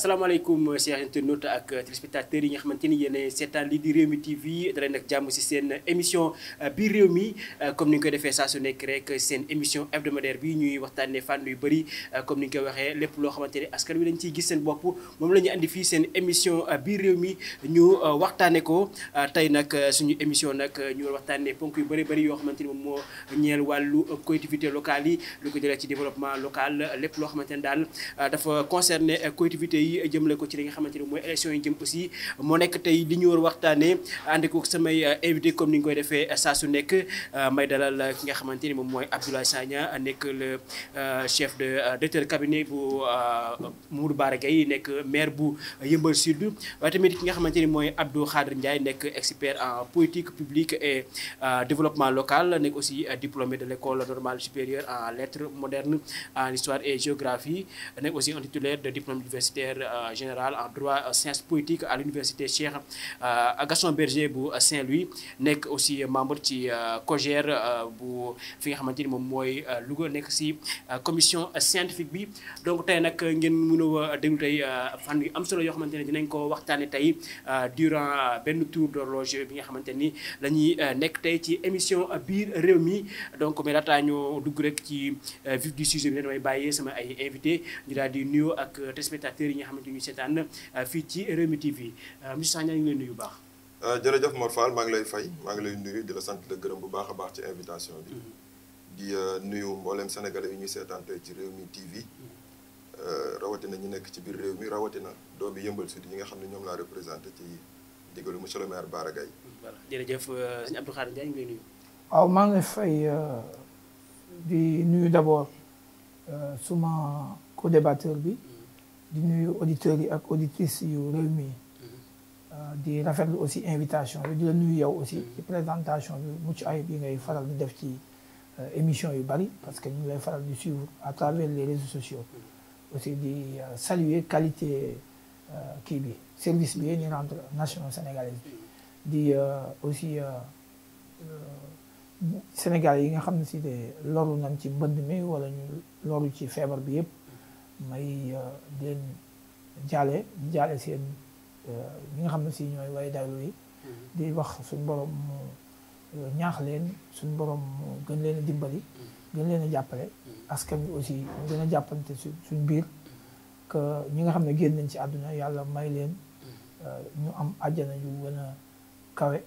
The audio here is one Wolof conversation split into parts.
asalaamaaleykum euh, chers internautes ak euh, téléspectateurs yi nga xamante ni yéen seetaan lii di Rewmi TV dalee nag jàmm si seen euh, émission biir réew mi comme ni ñu koy defee saa su nekk rek seen émission hebdomadaire bi ñuy waxtaanee fànn yu bëri comme ni ñu koy waxee lépp loo xamante ni askan wi dañ ciy gis seen bopp moom la ñu andi fii seen émission biir réew mi ñu waxtaanee ko tey nag suñu émission nag ñu waxtaanee ponk yu bëri bëri yoo xamante ni moom moo ñeel wàllu collectivité local yi lu ko jëlee ci développement local lépp loo xamante ni daal dafa concerné collectivité yi yi jëmale ko ci li nga xamante ni mooy élection yi jëm aussi moo nekk tey li ñu war waxtaanee ko samay euh, invité comme ni ñu koy defee euh, saa su nekk euh, may dalal ki nga xamante ni moom mooy Abdoulaye Sagna nekk chef de directeur cabinet bu Mamadou Bara Gaye nekk maire bu Yeumbeul Sud waaye tamit nga xamante ni mooy Abdou Khadre Ndiaye nekk expert en politique publique et développement local nekk aussi diplômé de l'école normale supérieure en lettres modernes en histoire et géographie nekk aussi un titulaire de diplôme universitaire Euh, générale en droit euh, sciences politiques à l'université Cheikh euh, Gaston Berger bu Saint-Louis nekk aussi membre ci COJER bu fi nga xamante ni moom mooy Louga nekk si commission scientifique bi donc tey nag ngeen mën a déglu tey fan yu am solo yoo xamante ne dinañ ko waxtaane tey durant benn tour d'horloge bi nga xamante ni la nekk tey ci émission biir réew mi donc mais laataa ñoo dugg rek ci vif du sujet bi ne damay bàyyee sama ay invité ñu di xamante ni ñu seetaan euh, fii ci Rewmi TV euh, monsieur Sagna ñu ngi lay nuyu bu baax. Euh, jërëjëf Mor Fall maa ngi lay fay maa ngi lay nuyu di la sant la gërëm bu baax a baax ci invitation bi. Mm-hmm. di nuyu mboolem sénégalais yi ñuy seetaan tey ci Rewmi TV. Mm-hmm. rawatina ñu nekk ci biir réew mi rawatina doom bi yëmbal sud ñi nga xam ne ñoom laa représenté ci digalu monsieur le maire Bara Gaye. voilà jërëjëf sëñ Abdou Khadir Ndiaye ñu waaw maa ngi fay di nuyu d' abord suma co-débatteur bi. Mm-hmm. di nuyu auditeurs yi ak auditrices yu réew mi euh, di rafetlu aussi invitation bi di la nuyu yow aussi ci présentation bi mucc ayib bi ngay faral di def ci euh, émission yu bari parce que ñu ngi lay faral di suivre à travers les réseaux sociaux aussi di euh, saluer qualité kii bi service bi ñu rendre nation sénégalaise di aussi Sénégal yi nga xam ne si de loru nañ ci mbënd mi wala ñu loru ci feebar bi yëpp may euh, di leen jaale di jaale seen euh, ñi nga xam ne si ñooy way daylu mm-hmm. di wax suñ borom mu euh, ñaax leen suñ borom gën leen dimbali mm-hmm. gën leen a jàppale mm-hmm. askan bi aussi mu gën a jàppante su suñ biir que ñi nga xam ne génn nañ ci àdduna yàlla may leen ñu am àjjana yu gën a kawe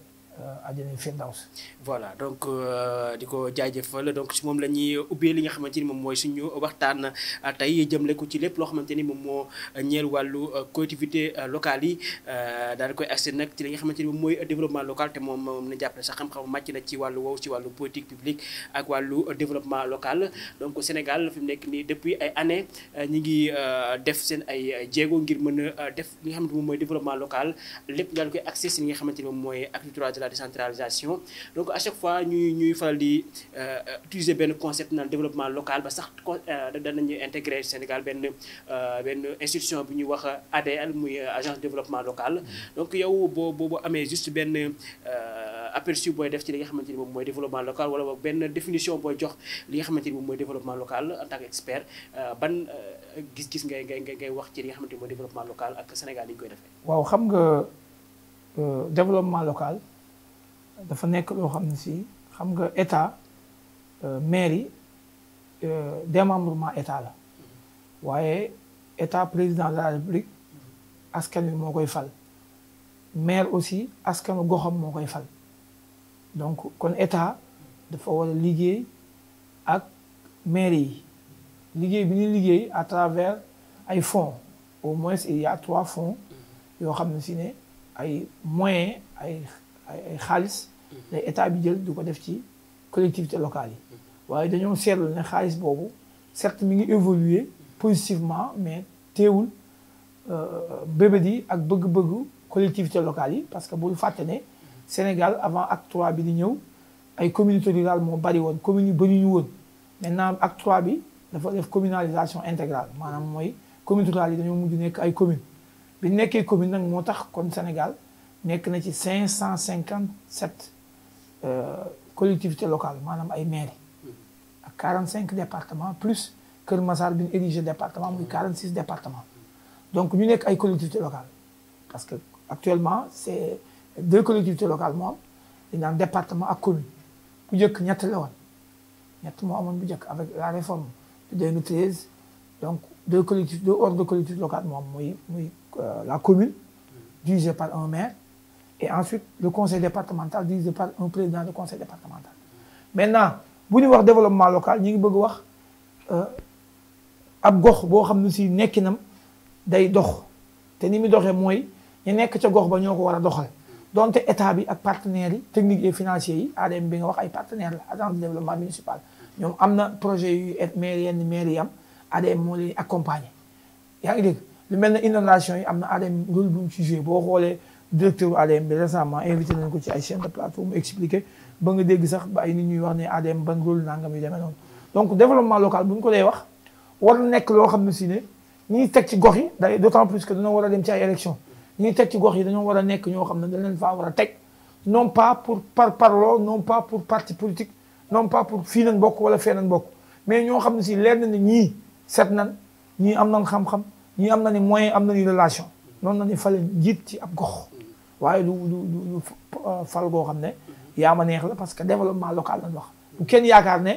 àjjana euh, firdaws voilà donc euh, di ko jaajëfal donc si moom la ñuy ubbee li nga xamante ni moom mooy suñu waxtaan euh, tey jëmle ko ci lépp loo xamante ni moom moo ñeel wàllu collectivité locale yi daal di koy accès nga xamante ni moom mooy développement local moom moom na jàppale sax xam-xam màcc na ci wàllu woowu wàllu politique local donc Sénégal fi mu nekk nii depuis ay années ñi ngi def seen ay jéego ngir mën a def li nga xamante moom mooy développement local lépp daal di koy accès si nga xamante ni moom mooy agriculture la décentralisation donc à chaque fois ñuy ñuy faral di euh, utiliser benn concept naan développement local ba sax euh, danañu intégrer Sénégal benn euh, benn institution bi ñuy wax ADL muy agence de développement local mm-hmm. donc yow boo boo amee juste benn aperçu booy def ci li nga xamante ni moom mooy développement local wala benn définition booy jox li nga xamante moom mooy développement local en tant qu'expert ban gis-gis ngay ngay ngay wax ci li nga xamante ni mooy développement local ak Sénégal yi ñu koy defee. waaw xam nga développement local. dafa nekk loo xam ne si xam nga état euh, maire yi euh, démembrement état la waaye état président de la république askan wi moo koy fal maire aussi askanu goxam moo koy fal donc kon état dafa war a liggéey ak maire yi liggéey bi ñuy liggéey à travers ay fonds au moins il y a trois fonds yoo xam ne si ne ay moyen ay ay ay xaalis day état bi jël di ko def ci collectivité locale yi waaye dañoo seetlu ne xaalis boobu certes mi ngi évoluer positivement mais teewul euh, bébét di ak bëgg-bëggu collectivité locale yi parce que bul fàtte ne Sénégal avant ak 3 bi di ñëw ay communauté rural moo bari woon communes yu bëri ñu woon naa acte 3 bi dafa def communalisation intégrale maanaam mooy communes rurales yi dañoo mujj nekk ay communes bi nekkee commune nag moo tax kon Sénégal nekk na ci cinq cent cinquante sept euh, collectivités locales maanaam ay mairie hmm. ak quarante cinq départements plus Kër Massar bi ñu érigé département muy quarante six départements donc ñu nekk ay collectivités locales parce que actuellement c'est deux collectivités locales moo am dañ département ak commune bu njëkk ñett la woon ñett moo amoon bu njëkk avec la réforme de 2013 donc deux collectivités deux ordres de collectivités locales moo muy euh, la commune hmm. dirigée par un maire Et ensuite, le conseil départemental dirigé par un président de conseil départemental. Maintenant, bu ñu wax développement local ñu ngi bëgg wax euh, ab gox boo xam ne si nekkinam day dox te ni mu doxee mooy ñu nekk ca gox ba ñoo ko war a doxal dont état bi ak partenaires yi techniques et financiers yi bi nga wax ay partenaires la agence de développement municipal ñoom am na projet yu maire yenn maire yi am ADM moo leen yaa ngi dégg lu mel ne inondation yi directeur ADM bi récemment invité nañ ko ci ay chaîne de plateau mu expliqué ba nga dégg ba ay nit ñuy wax ne ADM ban rôle nangam yu demee noonu donc développement local bu ñu ko dee wax war nekk loo xam ne si ne ñiy teg ci gox yi day d' autant que dañoo war a dem ci ay élection ñiy teg ci gox yi dañoo war a nekk ñoo xam ne dañ leen faa war a non pas pour par parlo non pas pour parti politique non pas pour fii nañ bokk wala fee nañ bokk mais ñoo xam ne si leer na ne ñii set nan ñii am nan xam-xam ñii am na moyen am na relation noonu na ni fale njiit ci ab gox waaye du du du euh, fal goo xam ne yaa ma neex la parce que développement local lañ wax bu kenn yaakaar ne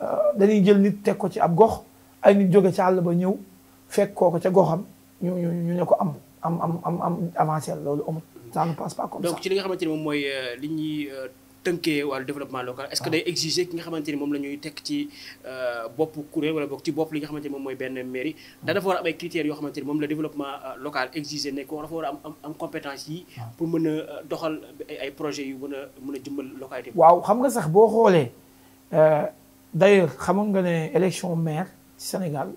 euh, dañuy jël nit teg ko ci ab gox ay nit jóge ci àll ba ñëw fekk kooku ca goxam ñu ñu ñu ne ko am am am am am avancé loolu amul ça ne passe pas comme ça donc ci li nga xamante ni moom mooy euh, li tënkee wàllu développement local est-ce que ah. day exiger ki nga xamante ni moom la ñuy tekk ci euh, bopp kuréel wala boog ci bopp li nga xamante ni moom mooy benn mairie da hmm. dafa war a am ay critères yoo xamante ni moom la développement euh, local exiger nekk am am compétence yi ah. pour mën a euh, ay projets yu mën a mën a jëmbal localité waaw xam nga sax boo xoolee d'ailleurs xamoon nga ne élection maire ci Sénégal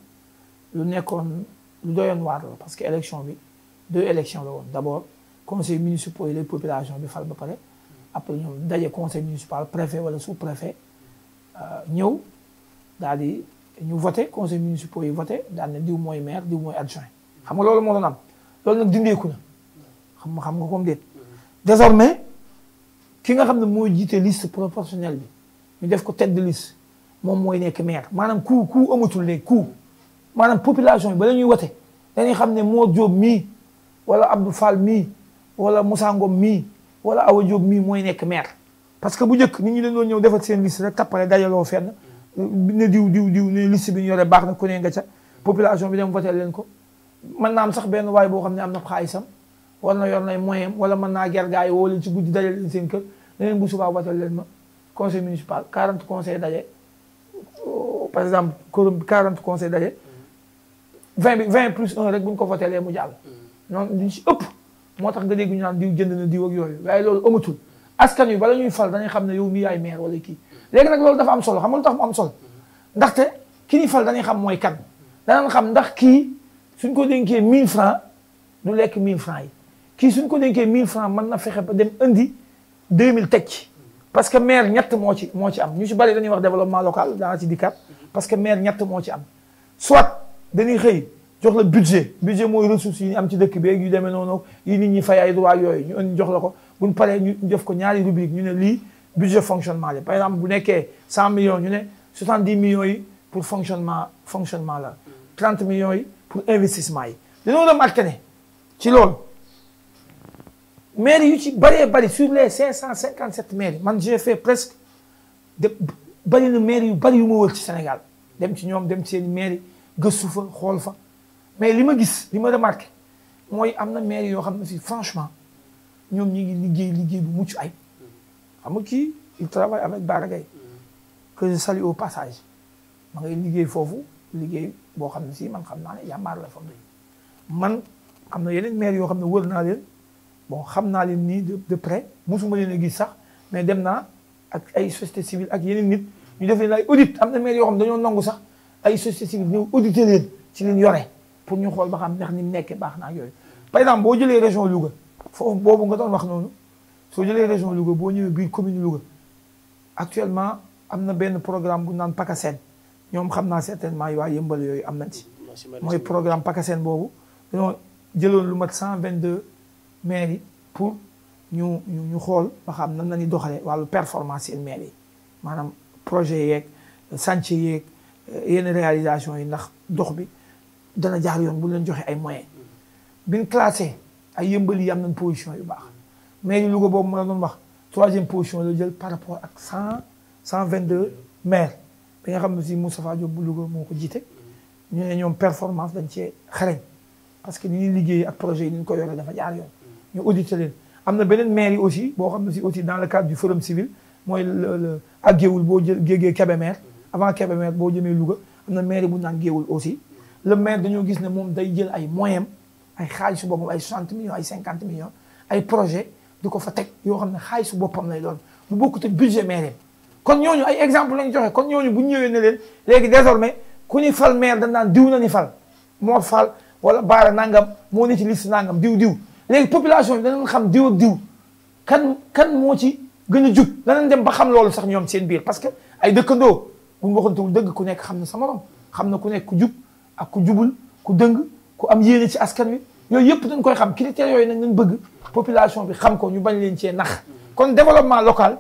lu nekkoon lu doyoon waar la parce que élection bi deux élections la woon d'abord conseil municipal yi la population bi fal ba pare après ñoom daje conseil municipal préfet wala sous préfet euh, ñëw daal di ñu voté conseil municipal yi voté daal ne diw mooy maire diw mooy adjoint xam nga loolu moo doon loolu nag dindeeku na xam nga xam nga comme désormais ki nga xam ne mooy jiite liste proportionnelle bi ñu def ko tête de moom mooy nekk maire maanaam ku ku amatul léegi ku maanaam population yi ba la ñuy wote dañuy xam ne moo Jóob mii wala Abdou Fall mii wala Moussa mii wala Awa Diop mii mooy nekk maire parce que bu njëkk nit ñi dañoo ñëw defal seen liste rek tappale dajaloo fenn ne diw diw diw ne liste bi ñu yore baax na ku ne nga ca population bi dem voté leen ko mën naa am sax benn waay boo xam ne am na xaalisam wala na yor nay moyen wala mën naa ger gaa yi woo leen ci guddi dajal leen seen kër leneen bu subaa voté leen ma conseil municipal 40 conseil daje par exemple korom 40 conseil daje 20 bi 20 plus 1 rek bu ñu ko voté lee mu jàll noonu mm. duñ ci ëpp moo tax nga dégg ñu naan diw jënd na diw ak yooyu waaye loolu amatul askan wi bala ñuy fal dañuy xam ne yow mi yaay maire wala kii léegi nag loolu dafa am solo xam nga lu tax mu am solo ndaxte ki dañuy xam mooy kan danañ xam ndax kii suñ ko dénkee 1000 francs du lekk 1000 francs yi kii suñ ko dénkee 1000 francs mën na fexe ba dem indi 2000 teg ci parce que maire ñett moo ci moo ci am ñu ci bari dañuy wax développement local daana ci dikkat parce que maire ñett moo ci am soit dañuy xëy jox la budget budget mooy ressources yi ñu am ci dëkk beeg yu demee noonu yi nit ñi fay ay droit yooyu ñu indi jox la ko bu ñu paree ñu def ko ñaari rubrique ñu ne lii budget fonctionnement la par exemple bu nekkee 100 millions ñu ne 70 millions yi pour fonctionnement fonctionnement la 30 millions yi pour investissement yi dañoo dem ak ne ci loolu maire yu ci bëree bëri sur les 557 maires man j'ai fait presque de bëri na maire yu bëri yu ma wër ci Sénégal dem ci ñoom dem ci seen maire gëstu fa xool fa mais li ma gis li ma remarqué mooy am na maire yoo xam ne si franchement ñoom ñu liggéey liggéey bu mucc ay xam nga kii il travaille avec Bara Gaye que je au passage ma ngay liggéey foofu liggéey boo xam ne si man xam naa ne yàmbaar la fa man am na yeneen maire yoo xam ne wër naa leen bon xam naa leen nii de près musuma leen a gis sax mais dem naa ak ay société civile ak yeneen nit ñu def leen ay audit am na maire yoo xam ne dañoo nangu sax ay société civile ñëw audité leen ci leen pour ñu xool ba xam ndax ni mu nekkee baax na ak yooyu par exemple boo jëlee région Louga foofu boobu nga doon wax noonu soo jëlee région Louga boo ñëwee biir commune Louga actuellement am na benn programme bu naan PACASEN ñoom xam naa certainement waa yëmbal yooyu am na ci. mooy programme PACASEN boobu dañoo jëloon lu mat 122 maires yi pour ñu ñu xool ba xam nan la ñuy doxalee wàllu performance seen maires maanaam projet yeeg chantier yeeg yenn réalisation yi ndax dox bi. dana jaar yoon bu leen joxe ay moyens biñ classé ay yëmbal yi am nañ position yu baax maire yu Louga boobu mu la doon wax troisième position la jël par rapport ak cent cent vingt deux maire bi nga xam ne si Moustapha Diop bu Louga moo ko jiite ñu ñoom performance dañ cee xarañ parce que ni ñuy liggéey ak projet yi ni ñu ko yore dafa jaar yoon ñu audité leen am beneen maire yi aussi boo xam ne si aussi dans le cadre du forum civil mooy a Géewul boo jël Géegee Kébémer avant Kébémer boo jëmee Louga am na maire bu naan Géewul aussi le maire dañoo gis ne moom day jël ay moyens ay xaalisu boppam ay 60 millions ay 50 millions ay projet di ko fa teg yoo xam ne xaalisu boppam lay doon bu bokkut ak budget maire kon ñooñu ay exemple lañ joxe kon ñooñu bu ñu ñëwee ne leen léegi désormais ku ñu fal maire dañ naan diw na ni fal Mor Fall wala Baara Nangam moo ne ci liste Nangam diw diw léegi population bi danañ xam diw ak diw kan kan moo ci gën a jub danañ dem ba xam loolu sax ñoom seen biir parce que ay dëkkandoo bu ñu waxantuwul dëgg ku nekk xam na sa morom xam na ku nekk ku jub. ak ku jubul ku dëng ku am yéene ci askan wi yooyu yëpp dañ koy xam critères yooyu nag nañ bëgg population bi xam ko ñu bañ leen cee nax kon développement local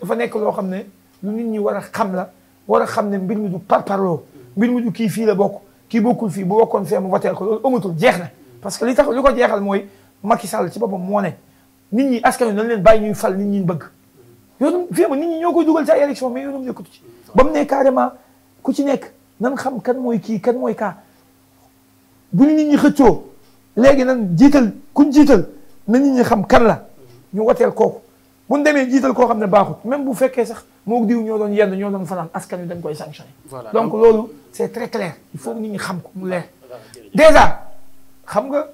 dafa nekk loo xam ne lu nit ñi war a xam la war a xam ne mbir mi du parparloo mbir mu du kii fi la bokk kii bokkul fii bu bokkoon fee mu voteel ko loolu amatul jeex na parce que li tax li ko jeexal mooy ki Sall ci boppam moo ne nit ñi askan wi nañ leen bàyyi ñuy fal nit ñi bëgg yoonu fii ma nit ñi ko koy dugal ci ay élection mais yoonum ci ba mu ne ku ci nekk nan xam kan mooy kii kan mooy kaa bu nit ñi xëccoo léegi nan jiital kuñ jiital na nit ñi xam kan la ñu woteel kooku bu ñu demee jiital koo xam ne baaxut même bu fekkee sax moo diw ñoo doon yenn ñoo doon fanaan askan wi dañ koy sanctionné. donc loolu c' est très clair il faut nit ñi xam ko mu leer. déjà xam nga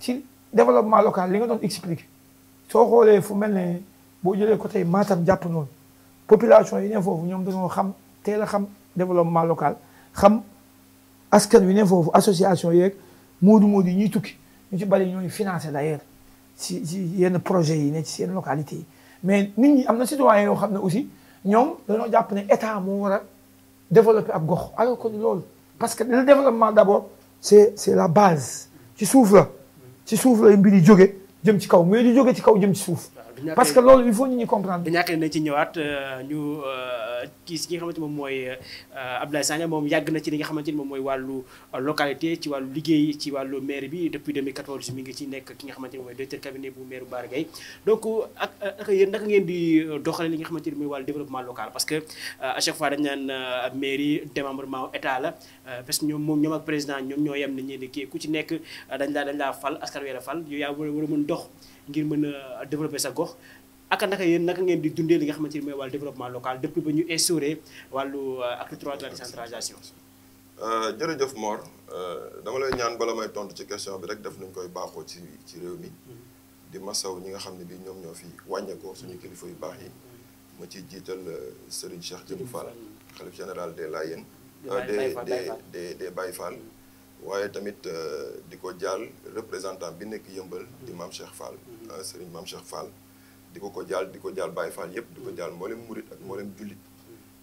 ci développement local li nga doon expliqué soo xoolee fu mel ne boo jëlee côté Matam jàpp noonu population yi ne foofu ñoom dañoo xam teel a xam développement local. xam askan wi ne foofu association yeeg moodu moodu yi ñuy tukki ñu ci bari ñooy financé d'ailleurs ci si yenn projets yi ne ci seen localité yi mais nit ñi am na si citoyen yoo xam na aussi ñoom dañoo jàpp ne état moo war a développer ab gox alors que loolu parce que le développement d'abord c'est c'est la base ci suuf la ci suuf la mbir yi jóge jëm ci kaw mais du jóge ci kaw jëm ci suuf parce que loolu il faut ñu ñu comprendre. du ñàkk nañ ci ñëwaat euh, ñu kii euh, ki nga xamante moom mooy euh, Abdoulaye Sagna moom yàgg na ci li nga xamante ni moom mooy wàllu localité ci wàllu liggéey ci wàllu maire bi depuis 2014 mi ngi ci nekk ki nga xamante ni mooy directeur cabinet bu maire Bara Gaye donc ak naka ngeen di doxale li nga xamante ni mooy wàllu développement local parce que à chaque fois dañ naan mairie démembrement état la Euh, parce que ñoom moom ñoom ak président ñoom ñoo yem nañu ne kii ku ci nekk euh, dañ laa dañ laa fal askan wi la fal yow yaa war a mën dox ngir mën a euh, développer sa gox aka naka yéen naka ngeen di dundee li nga xam ne mooy wàllu développement local depuis ba ñu instauré wàllu acte trois de la décentralisation. ñaan bala may ci question rek def nañ koy baaxoo ci ci réew mi. Mm-hmm. di masaw ñi nga xam ne bii ñoom ñoo fi wàññeekoo suñu kilifa yu baax yi. Mm-hmm. ma ci jiital Serigne Cheikh Jëmu Fall xalif général des Layènes. des des des des Baye Fall mm. waaye tamit euh, di ko jaal représentant bi nekk yëmbal mm. di maam Cheikh Fall mm-hmm. euh, sëriñ maam Cheikh Fall di ko ko jaal di ko jaal Baye Fall yëpp di ko mm. jaal mboolem murit ak mboolem jullit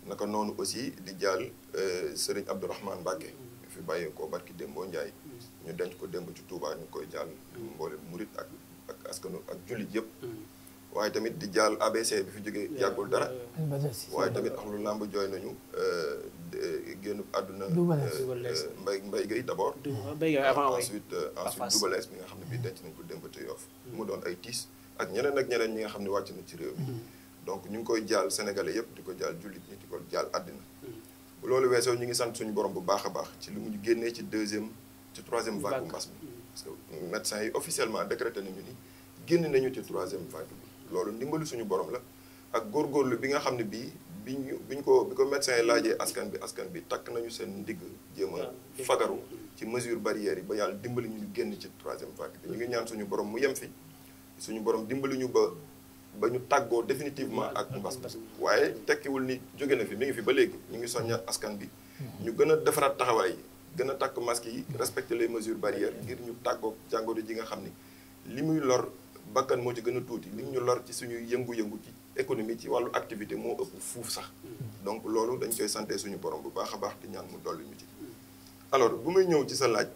naka noonu aussi di jaal euh, sëriñ Abdourahmane Mbacke fi bàyyee ko barki démboo Ndiaye ñu denc ko démb ci Touba ñu koy jaal mboolem murit ak ak askanu ak jullit yëpp waaye tamit di jaal ABC bi fi jógee yàggul dara waaye tamit axlu làmb jooy nañu euh, génn àdduna mbay mbay gay d'abord ah, ensuite euh, ensuite dubalees bi nga xam ne bii denc nañ ko démb te yoof mm. mu doon ay tiis ak ñeneen ak ñeneen ñi nga xam ne wàcc na ci réew mi mm. donc ñu ngi koy jaal sénégalais yëpp di ko jaal jullit ñi di ko jaal àddina mm. bu loolu weesoo ñu ngi sant suñu borom bu baax a baax ci li mu ñu génnee ci deuxième ci troisième vague bu mbas mi parce que médecins yi officiellement décrété nañu ni génn ci troisième vague loolu ndimbalu suñu borom la ak góorgóorlu bi nga xam ne bii bi ñu ko bi ko médecin yi laajee askan bi askan bi takk nañu seen ndigg jéem a ah, fagaru ci mesure barrière yi ba yàlla dimbali ñu génn ci troisième vague bi ñu ngi ñaan suñu borom mu yem fi suñu borom dimbali ñu ba ba ñu tàggoo définitivement ak mbas waaye tekkiwul ni jóge na fi mu ngi fi ba léegi ñu ngi soññaat askan bi ñu gën a defaraat taxawaay yi gën a takk masque yi respecter lee mesures barrières ngir ñu tàggoo jàngoro ji nga xam ni li muy lor bakkan moo ci gën a tuuti li ñu lor ci suñu yëngu-yëngu ci économie ci wàllu activité moo ëpp fuuf sax donc loolu dañ koy sante suñu borom bu baax a baax di ñaan mu dolli ñu ci alors bu may ñëw ci sa laaj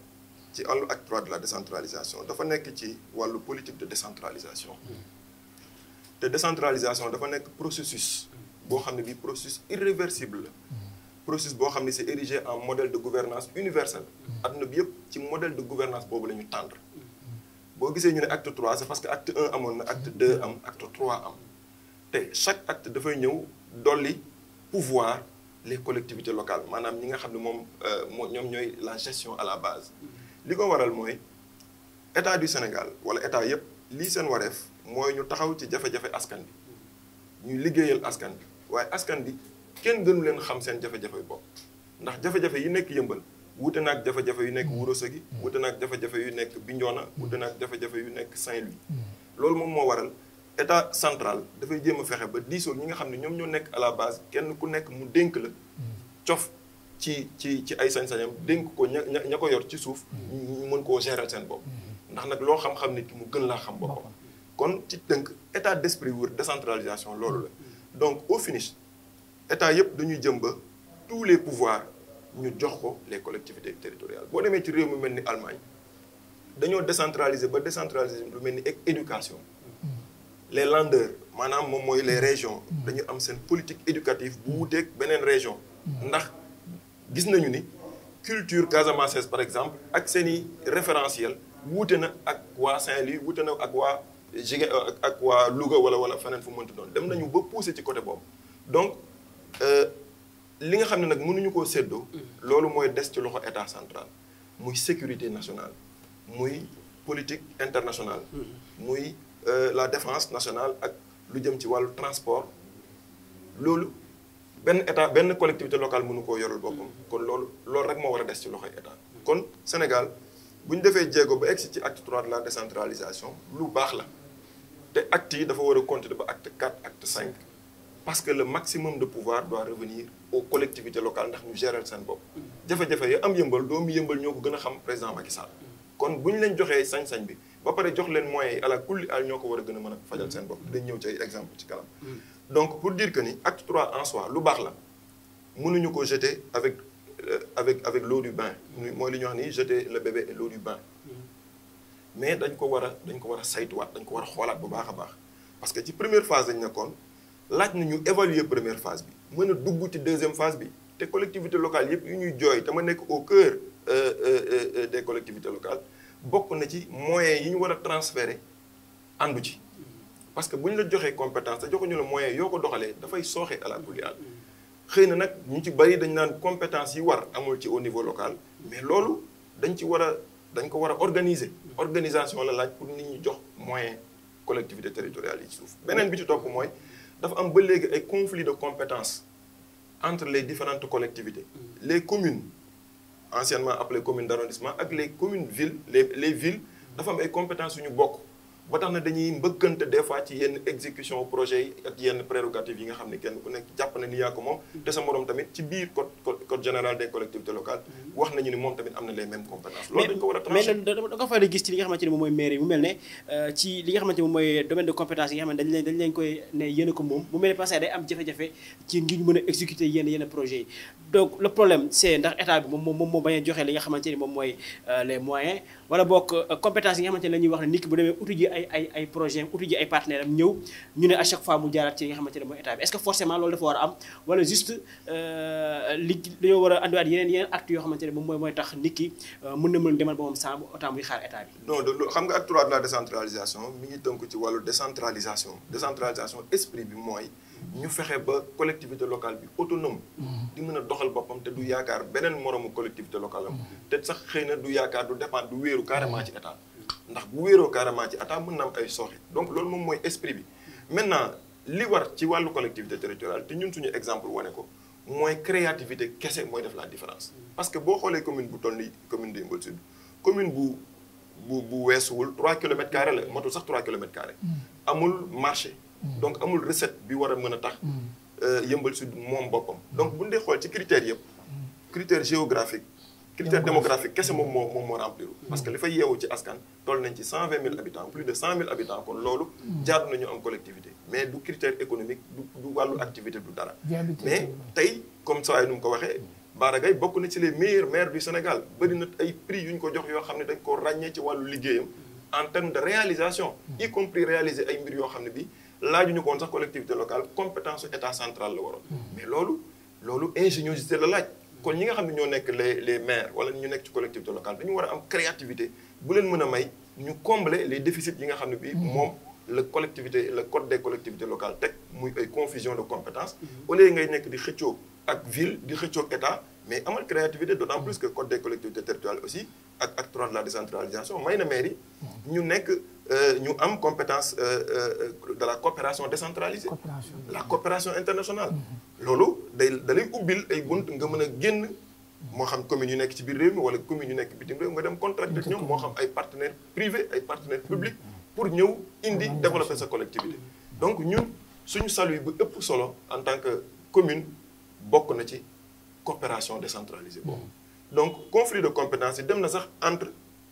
ci wàllu acte trois la décentralisation dafa nekk ci wàllu politique de décentralisation te décentralisation dafa nekk processus boo xam ne bi processus irréversible la processus boo xam ne si érigé en modèle de gouvernance universelle adduna bi yëpp ci modèle de gouvernance boobu la ñu tendre boo gisee ñu ne acte trois c'est parce que acte un amoon na acte deux am acte trois am te chaque acte dafay ñëw dolli pouvoir les collectivités locales maanaam ñi nga xam ne moom euh, moo ñoom ñooy la gestion à la base. li ko waral mooy état du Sénégal wala état yépp lii seen wareef mooy ñu taxaw ci jafe-jafe askan bi ñuy liggéeyal askan bi waaye askan bi kenn gënu leen xam seen jafe-jafe bopp ndax jafe-jafe yi nekk yëmbal. wute naag jafe-jafe yu nekk mm. Wurosogi mm. wute naag jafe-jafe yu nekk Bignona mm. wute naag jafe-jafe yu nekk Saint-Louis loolu moom moo waral état central dafay jéem a fexe ba diisoo ñi nga xam ne ñoom ñoo nekk à la base kenn ku nekk mu dénk la cof ci ci ci ay sañ-sañam ko ña ña ko yor ci suuf ñu mën koo gérer seen bopp ndax nag loo xam-xam nit ki mu gën laa xam boppam kon ci tënk état d'esprit wër décentralisation loolu la donc au finish état yëpp dañuy jëm ba les pouvoirs ñu jox ko les collectivités territoriales boo demee ci réew mu mel ni Allemagne dañoo décentraliser ba décentraliser lu mel ni ek éducation mm. les Länder maanaam moom mooy les régions mm. dañu am seen politique éducative bu wuteeg beneen région mm. ndax gis nañu ni culture casamançaise par exemple ak seen i référentiel wuute na ak waa saint li wuute na ak waa Jigé euh, ak waa Louga wala wala feneen fu mënti doon dem nañu ba pousser ci côté boobu donc euh, li nga xam ne nag mënuñu koo séddoo. Mm. loolu mooy des ci loxo état central muy sécurité nationale muy politique internationale. Mm. muy euh, la défense nationale ak lu jëm ci wàllu transport loolu benn état benn collectivité locale munu koo yorul boppam. Mm. kon loolu loolu rek moo war a des ci loxo état. kon Sénégal bu ñu defee jéego ba egsi ci acte trois la décentralisation lu baax la te acte yi dafa war a continuer ba acte quatre acte cinq parce que le maximum de pouvoir doit revenir. aux collectivités locales ndax ñu gérer seen bopp. jafe-jafe yi am yëmbal doomu yëmbal ñoo ko gën a xam président i Sall. kon bu ñu leen joxee sañ-sañ bi ba pare jox leen moyens yi ala kulli al ñoo ko war a gën a mën a fajal seen bopp dañ ñëw ci ay exemple ci kanam. donc pour dire que ni acte trois en soi lu baax la mënuñu ko jeter avec euh, avec avec l'eau du bain mooy li ñu wax nii jeter le bébé et l'eau du bain. mais dañ ko war a dañ ko war a saytuwaat dañ ko war a xoolaat bu baax a baax parce que ci première phase nekkoon laaj nañu évaluer première phase bi. mën a dugg ci deuxième phase bi te collectivité locale yëpp yu ñuy jooy te ma nekk au cœur euh, euh, euh, des collectivités locales bokk na ci moyen yi ñu war a transférer àndu ci parce que bu ñu la joxee compétence te joxuñu la moyens yoo ko doxalee dafay sooxe à la kulli xëy na nag ñu ci bari dañ naan compétence yi war amul ci au niveau local mais loolu dañ ci war a dañ ko war a organiser organisation la laaj pour nit ñi jox moyen collectivité territoriale yi ci suuf beneen bi ci topp mooy dafa am ba léegi ay conflit de compétence entre les différentes collectivités mm. les communes anciennement appelées commune d'arrondissement ak les communes villes les les villes dafa am ay compétence yu ñu bokk boo tax na dañuy mbëkkante des fois ci yenn exécution projet yi ak yenn prérogatives yi nga xam ne kenn ku nekk jàpp na ni yaa ko moom mm-hmm. mm-hmm. am na les mêmes compétences loolu dañ a tranché mais da nga fay gis ci li nga xamante ne moom mooy mairie mu mel ne euh, ci li nga xamante ne moom mooy domaine de compétence yi nga xam ne dañ leen koy ne yéen ko moom mu mel ne parce day am jafe-jafe ci ngir ñu mën a exécuter yenn yenn projets yi donc le problème c'est ndax état bi moom moom moom bañ a joxe li nga xamante ni moom mooy euh, les moyens wala boog euh, compétence yi nga xamante ne wax ne nit ki bu demee uti ji ay ay ay projet am ñëw ñu ne à chaque fois mu jaaraat ci li nga xamante ne mooy bi est-ce que forcément loolu dafa war a am wala juste euh, li dañoo war a andiwaat yeneen yeneen actes yoo xamante ne moom mooy mooy tax nit ki euh, mën na mën demal boppam sans autant muy xaar état bi non de xam nga acte trois de la décentralisation mi ngi ci wàllu décentralisation décentralisation bi mooy ñu fexe ba collectivité local bi autonom mm-hmm. di mën a doxal boppam te du yaakaar beneen moroomu collectivité locale am. Mm-hmm. te sax xëy na du yaakaar du dépendre du wéeru carrément ci état. Mm-hmm. ndax bu wéeroo carrément ci état mën na am ay sooxe donc loolu moom mooy esprit bi. maintenant li war ci wàllu collectivité territoriale te ñun suñu exemple wane ko mooy créativité kese mooy def la différence. parce que boo xoolee commune bu toll nii commune de Yeumbeul Sud commune bu bu bu weesuwul 3 kilomètres carrés la matul sax 3 amul marché. donc amul recette bi war a mën a tax. Mm. Euh, yëmbal sud moom boppam. Mm. donc bu ñu dee xool ci critère yëpp. Mm. critère géographique. critère démographique kese moom moo moom moo remplir. parce que li fay yeewu ci askan toll nañ ci cent vingt mille habitants plus de cent mille habitants kon loolu. jaadu nañu am collectivité mais du critère économique du du wàllu activité du dara. mais tey comme saa nu mu ko waxee. Bara bokk na ci les meilleurs maire du Sénégal bëri na ay prix yu ñu ko jox yoo xam ne dañ ko ràññee ci wàllu liggéeyam en de réalisation. y compris ay mbir yoo xam ne bii. laajuñu ko woon sax collectivité locale compétence état central la waroon. Hmm. mais loolu loolu ingéniosité la laaj. kon ñi nga xam ne ñoo nekk les les maires wala ñu nekk ci collectivité locale dañu war a am créativité bu leen mën a may ñu combler les déficits yi nga xam ne bii hmm. moom. le collectivité le code des collectivités locales teg muy ay confusion de compétences. Hmm. au ngay nekk di xëccoo ak ville di xëccoo ak état mais amal créativité d' autant plus que code ak ak trois de la décentralisation may na mairie ñu nekk euh, ñu am compétence euh, euh, de la coopération décentralisée la coopération internationale loolu day dalay ubbil ay bunt nga mën a génn moo xam commune yu nekk ci biir réew mi wala commune yu nekk bitim réew nga dem contracté ñoom moo xam ay partenaires privés ay partenaire publics pour ñëw indi développer sa collectivité donc ñun suñu salu bu ëpp solo en tant que commune bokk na ci coopération décentralisée boobu donc conflit de compétence yi dem na sax entre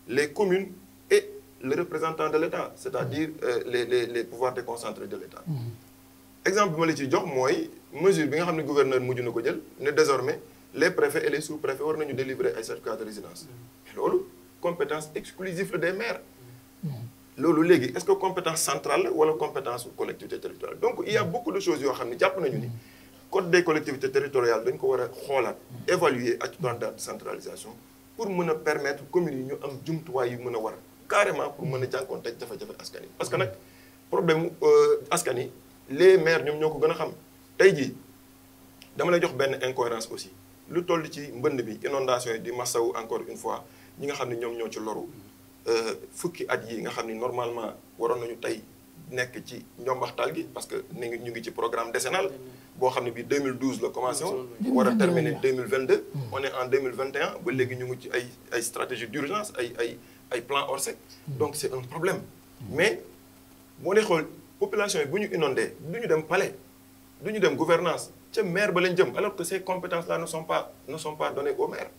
les communes et le représentant de l'État c'est-à-dire euh, les les les pouvoirs déconcentrés de l'État mm-hmm. exemple bi ma la ciy jox mooy mesure bi nga xam ne gouverneur mujj na ko jël ne désormais les préfets et les sous-préfets war nañu délivrer ay certificats de résidence mm-hmm. loolu compétence exclusive la des maire mm-hmm. loolu léegi est-ce que compétence centrale wala compétence collectivité territoriale donc il y a yoo xam ne jàpp nañu code des collectivités territoriales dañ ko war a xoolaat évaluer ak dans la pour mën a permettre communes yi ñu am jumtuwaay yu mën a war carrément pour mën a jànkoon ak jafe-jafe askan parce que nag problème euh, askan yi les maires ñoom ñoo ko gën a xam tey jii dama lay jox benn incohérence aussi lu toll ci mbënd bi inondation yi di massawu encore une fois ñi nga xam ne ñoom ñoo ci loru euh, fukki at yi nga xam ni normalement waroon nañu tey nekk ci ñoom waxtaan gi parce que ñu ngi ñu ngi ci programme décennal boo xam ne bii 2012 la commencé woon. war a terminer 2022. Hmm. on est en 2021 ba léegi ñu ngi ci ay ay stratégie d'urgence ay ay ay plan Orsec. Hmm. donc c'est un problème. Hmm. mais boo dee xool population yi bu ñu inondé du ñu dem pale du ñu dem gouvernance ca maire ba lañ jëm alors que ces compétences là ne sont pas ne sont pas données au maire.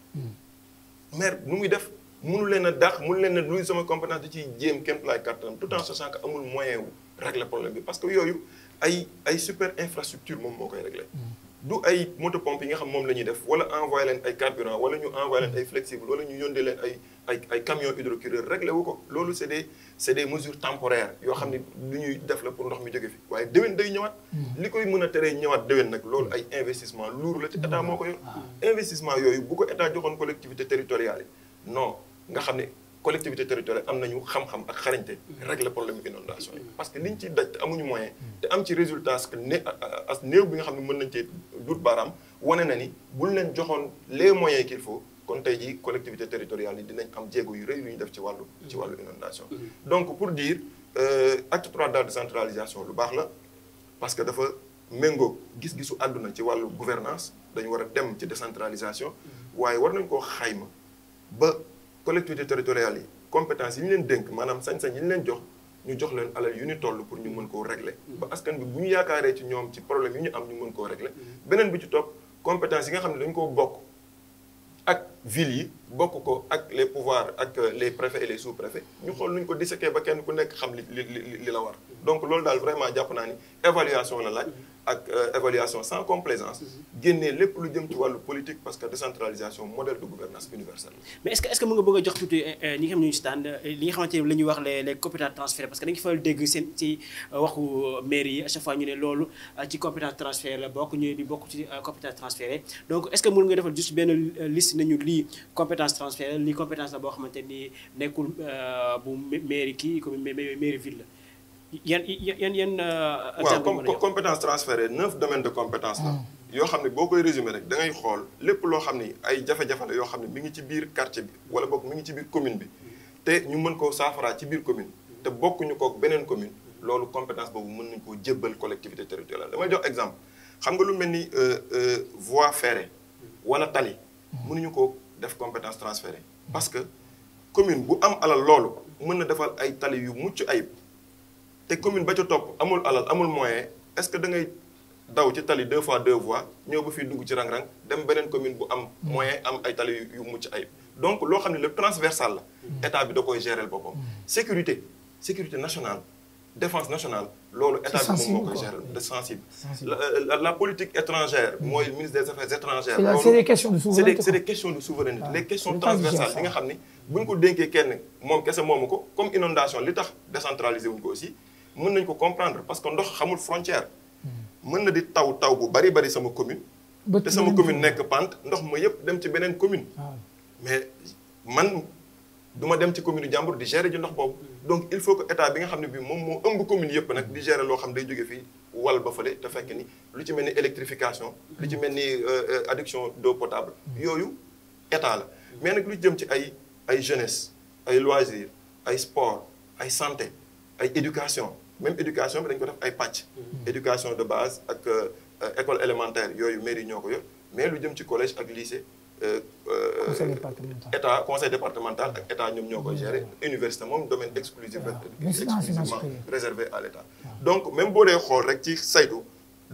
maire nu muy def munu leen a dàq mënu leen a luy sama compétence da ciy jéem kéem tolluwaay kàttanam tout en amul moyen wu régler bi parce que yooyu. ay ay super infrastructure moom moo koy réglé. Mm. du ay moto pompe yi nga xam moom la ñuy def wala envoyé leen ay carburant wala ñu envoyé leen mm. ay flexible wala ñu yónnee leen ay ay ay camion hydrocureur réglé wu ko loolu c' est des c' est des yoo xam ni mm. lu ñuy def la pour ndox mi jóge fi waaye déwén day ñëwaat li koy mën a teree ñëwaat déwén nag loolu ay investissement lourd la te état moo ko yor ah. investissement yooyu bu ko état joxoon collectivité territoriale yi non nga xam ne collectivité territoriale am nañu xam-xam ak xarañte régler problème inondation yi parce que liñ ciy daj te amuñu moyen te am ci résultat que ne as néew bi nga xam ne mën nañ cee dut baaraam wane na ni buñ leen joxoon les moyens qu'il faut kon tey jii collectivité territoriale yi dinañ am jéego yu rëy yu ñu ci wàllu ci wàllu inondation mm-hmm. donc pour dire euh, acte trois de la décentralisation lu baax la parce que dafa méngoo gis-gisu àdduna ci wàllu gouvernance dañu war a dem ci décentralisation mm-hmm. waaye war nañ koo xayma ba collectivités territoriales yi compétence yi ñu leen dénk maanaam sañ-sañ yi ñu leen jox ñu jox leen alal yu ñu toll pour ñu mën koo régler ba askan bi bu ñu yaakaaree ci ñoom ci problème yi ñu am ñu mën koo régler mm-hmm. beneen bi ci topp compétence yi nga xam ne dañu koo bokk ak ville yi bokk ko ak les pouvoirs ak les préfets et les sous-préfets ñu xool nuñ ko disséquer ba kenn ku nekk xam li la war donc loolu daal vraiment jàpp naa ni évaluation la laaj euh, lu jëm ci wàllu politique parce que décentralisation modèle de gouvernance universelle mais est-ce que euh, euh, la ñuy wax les les compétences transférées parce que da nga faral seen ci waxu mairie yi à chaque fois ñu ne loolu ci compétence transférée la bokk ñu di bokk ci compétence transférée donc est-ce que mën nga defal juste benn liste nañu lii lii compétence transférée lii compétence la boo xamante ni nekkul euh, bu mairie kii comme mairie ville la yan yan yan. Euh, waaw compétence transférée neuf demaine de compétence la. Hmm. yoo xam ne boo koy résumé rek da ngay xool lépp loo xam ni ay jafe-jafe la yoo xam ne mu ngi ci biir quartier bi wala boog mu ngi ci biir commune bi te ñu mën ko saafaraa ci biir commune te bokkuñu kook beneen commune loolu compétence boobu mën nañu koo jébbal collectivité territoriale damay jox exemple xam nga lu mel ni euh, voie ferrée wala tali hmm. def compétence transférée parce que commune bu am alal loolu mën na defal ay tali yu mucc ayib te commune ba ca topp amul alal amul moyen est-ce que da ngay daw ci tali deux fois deux voies ñëw ba fi dugg ci rang-rang dem beneen commune bu am moyen am ay tali yu mucc ayib donc loo xam ne le transversal la mm. état bi da koy gérer boppam mm. sécurité sécurité national défence nationale loolu état bi moom moo koy gérer de sensible euh, la la politique étrangère mooy ministre des affaires étrangères loolu c'est des questions de souveraineté de souveraineté ah, les questions transversales yi nga xam ne bu ñu ko dénkee kenn moom kese moomu ko comme inondation li tax décentraliser wuñ ko aussi mën nañ ko comprendre parce que ndox xamul frontière hmm. mën na di taw taw bu bari bari sama commune te sama commune nekk pant ndox ma yëpp dem ci beneen commune ah. mais man du ma dem ci commune jàmbur di gérer ji ndox boobu donc il faut que état bi nga xam ne bi moom moo ëmb commune yëpp nag di gérer loo xam day jóge fii wal ba fële te fekk ni lu ci mel ni électrification lu ci mel ni euh, euh, adduction d'eau potable yooyu état la mais nag lu jëm ci ay ay jeunesse ay loisirs ay sport ay santé ay éducation même éducation bi dañ ko def ay pàcc éducation de base ak euh, école élémentaire yooyu mairie ñoo ko yor mais lu jëm ci collège ak lycée conseil euh, départemental état conseil départemental ak état ñoom ñoo koy gérer mmh. université moom domaine exclusif exclusivement réservé à l' donc même boo dee xool rek ci saytu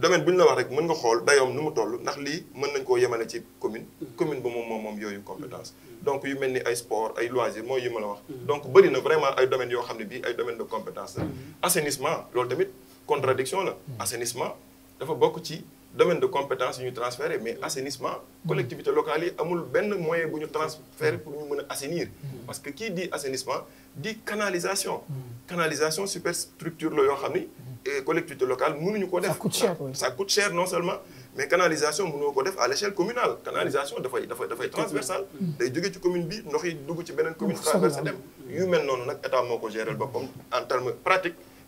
domaine bu la wax rek mën nga xool dayoom nu mu toll ndax lii mën nañ koo yemale ci commune mmh. commune bu moom moom moom yooyu compétence mmh. donc yu mel ni ay sport ay loisir mooy yu ma la wax donc bëri vraiment ay domaines yoo xam ne bii ay domaine de compétence la loolu tamit contradiction la assainissement dafa bokk ci domaine de compétence yu ñu transféré mais assainissement collectivité locale yi amul benn moyen bu ñu transféré pour ñu mën a assainir parce que kii di assainissement di canalisation canalisation superstructure la yoo xam ni collectivité locale mënuñu ko def ça coûte cher ça coûte cher non seulement mais canalisation mënoo ko def à l'échelle communale canalisation dafay dafay dafay transversale day jóge ci commune bi ndox yi dugg ci beneen commune transversé dem yu mel noonu nag état moo ko gérer boppam en terme pratique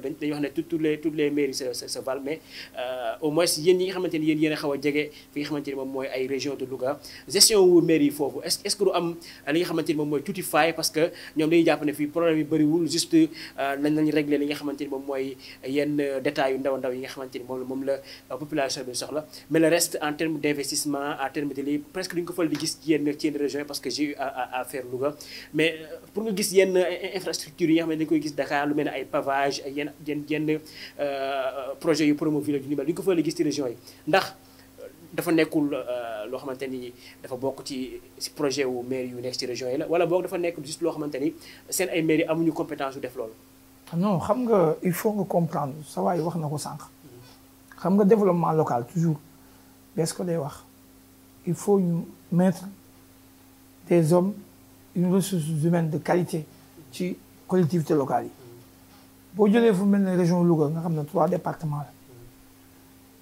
que dañ wax ne toutes les toutes les mairies se se valent mais euh, au moins yéen ñi nga xamante ni yéen a xaw a jege fi nga xamante moom mooy ay région de Louga gestion wu mairie foofu est ce que du moom moom la euh, population bi soxla mais le reste en terme d' en terme de lii presque duñ ko gis yenn ci région parce que j'ai eu à à faire Louga mais euh, pour nga gis yenn infrastructure yi nga xamante ni koy gis Dakar lu mel ay pavage yenn yenn yenn projet yu promoville ju ni mel du ñu ko fa la gis ci région yi ndax euh, dafa nekkul euh, loo xamante ni dafa bokk ci si projet wu mairie yu nekk ci région yi la wala boog dafa nekk juste loo xamante ni seen ay mairie amuñu compétence yu def loolu non xam nga il faut nga comprendre sa waay wax na ko sànq xam nga développement local toujours bees ko day wax il faut ñu mettre des hommes une ressource humaine de qualité ci collectivité locale yi boo jëlee fu mel ne région Louga nga xam na trois départements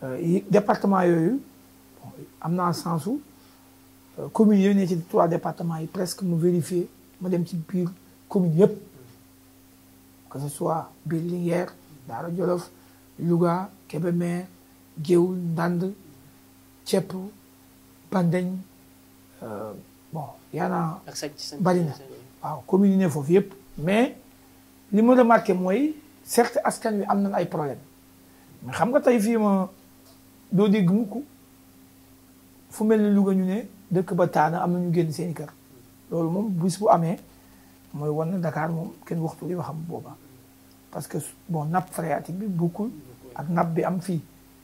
la euh, département yooyu am naa sansu euh, communes yooyu ne ci trois départements yi presque mu vérifier ma dem ci biir commune yëpp que ce soit biir Linguère Daara Jolof Louga Kébémer Géoul Ndande Cepp Bandeñ euh, bon yaa naa bari na waaw commune yi ne foofu yëpp mais li ma remarqué mooy certes askan wi am nañ ay problème mais xam nga tey fii ma doo dégg mukk fu mel ni Louga ñu ne dëkk ba taana am na ñu génn seen i kër loolu moom bis bu amee mooy wan na Dakar moom kenn waxtu li waxam booba parce que bon nappe phréatique bi bokkul ak nap bi am fii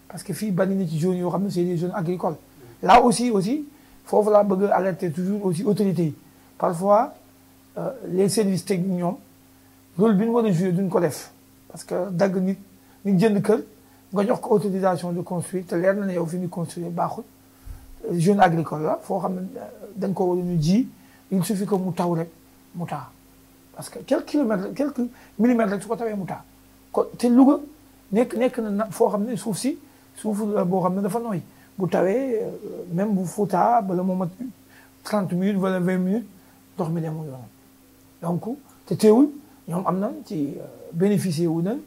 parce que fii bari na ci zones yoo xam ne c'est des zones agricole là aussi aussi foofu laa bëgg alerter toujours aussi autorités yi parfois euh, les service techniques ñoom rôle bi ñu war a jouer duñ ko def parce que dagg nit nit jënd kër nga jox ko autorisation de construire te leer na ne yow fi ñu construire baaxul jeune agricole la foo xam ne euh, dañ ko war a ñu ji il suffit ko mu taw rek mu taa parce que quelques kilomètres quelques millimètres rek su ko tawee mu taa ko te Louga nekk nekk na foo xam ne suuf si suuf boo xam ne dafa nooy bu tawee euh, même bu fuutaa bala moo mat 30 minutes wala 20 minutes ndox mi demul yoonam donc te teewul ñoom am na ci euh, bénéficier wu nañ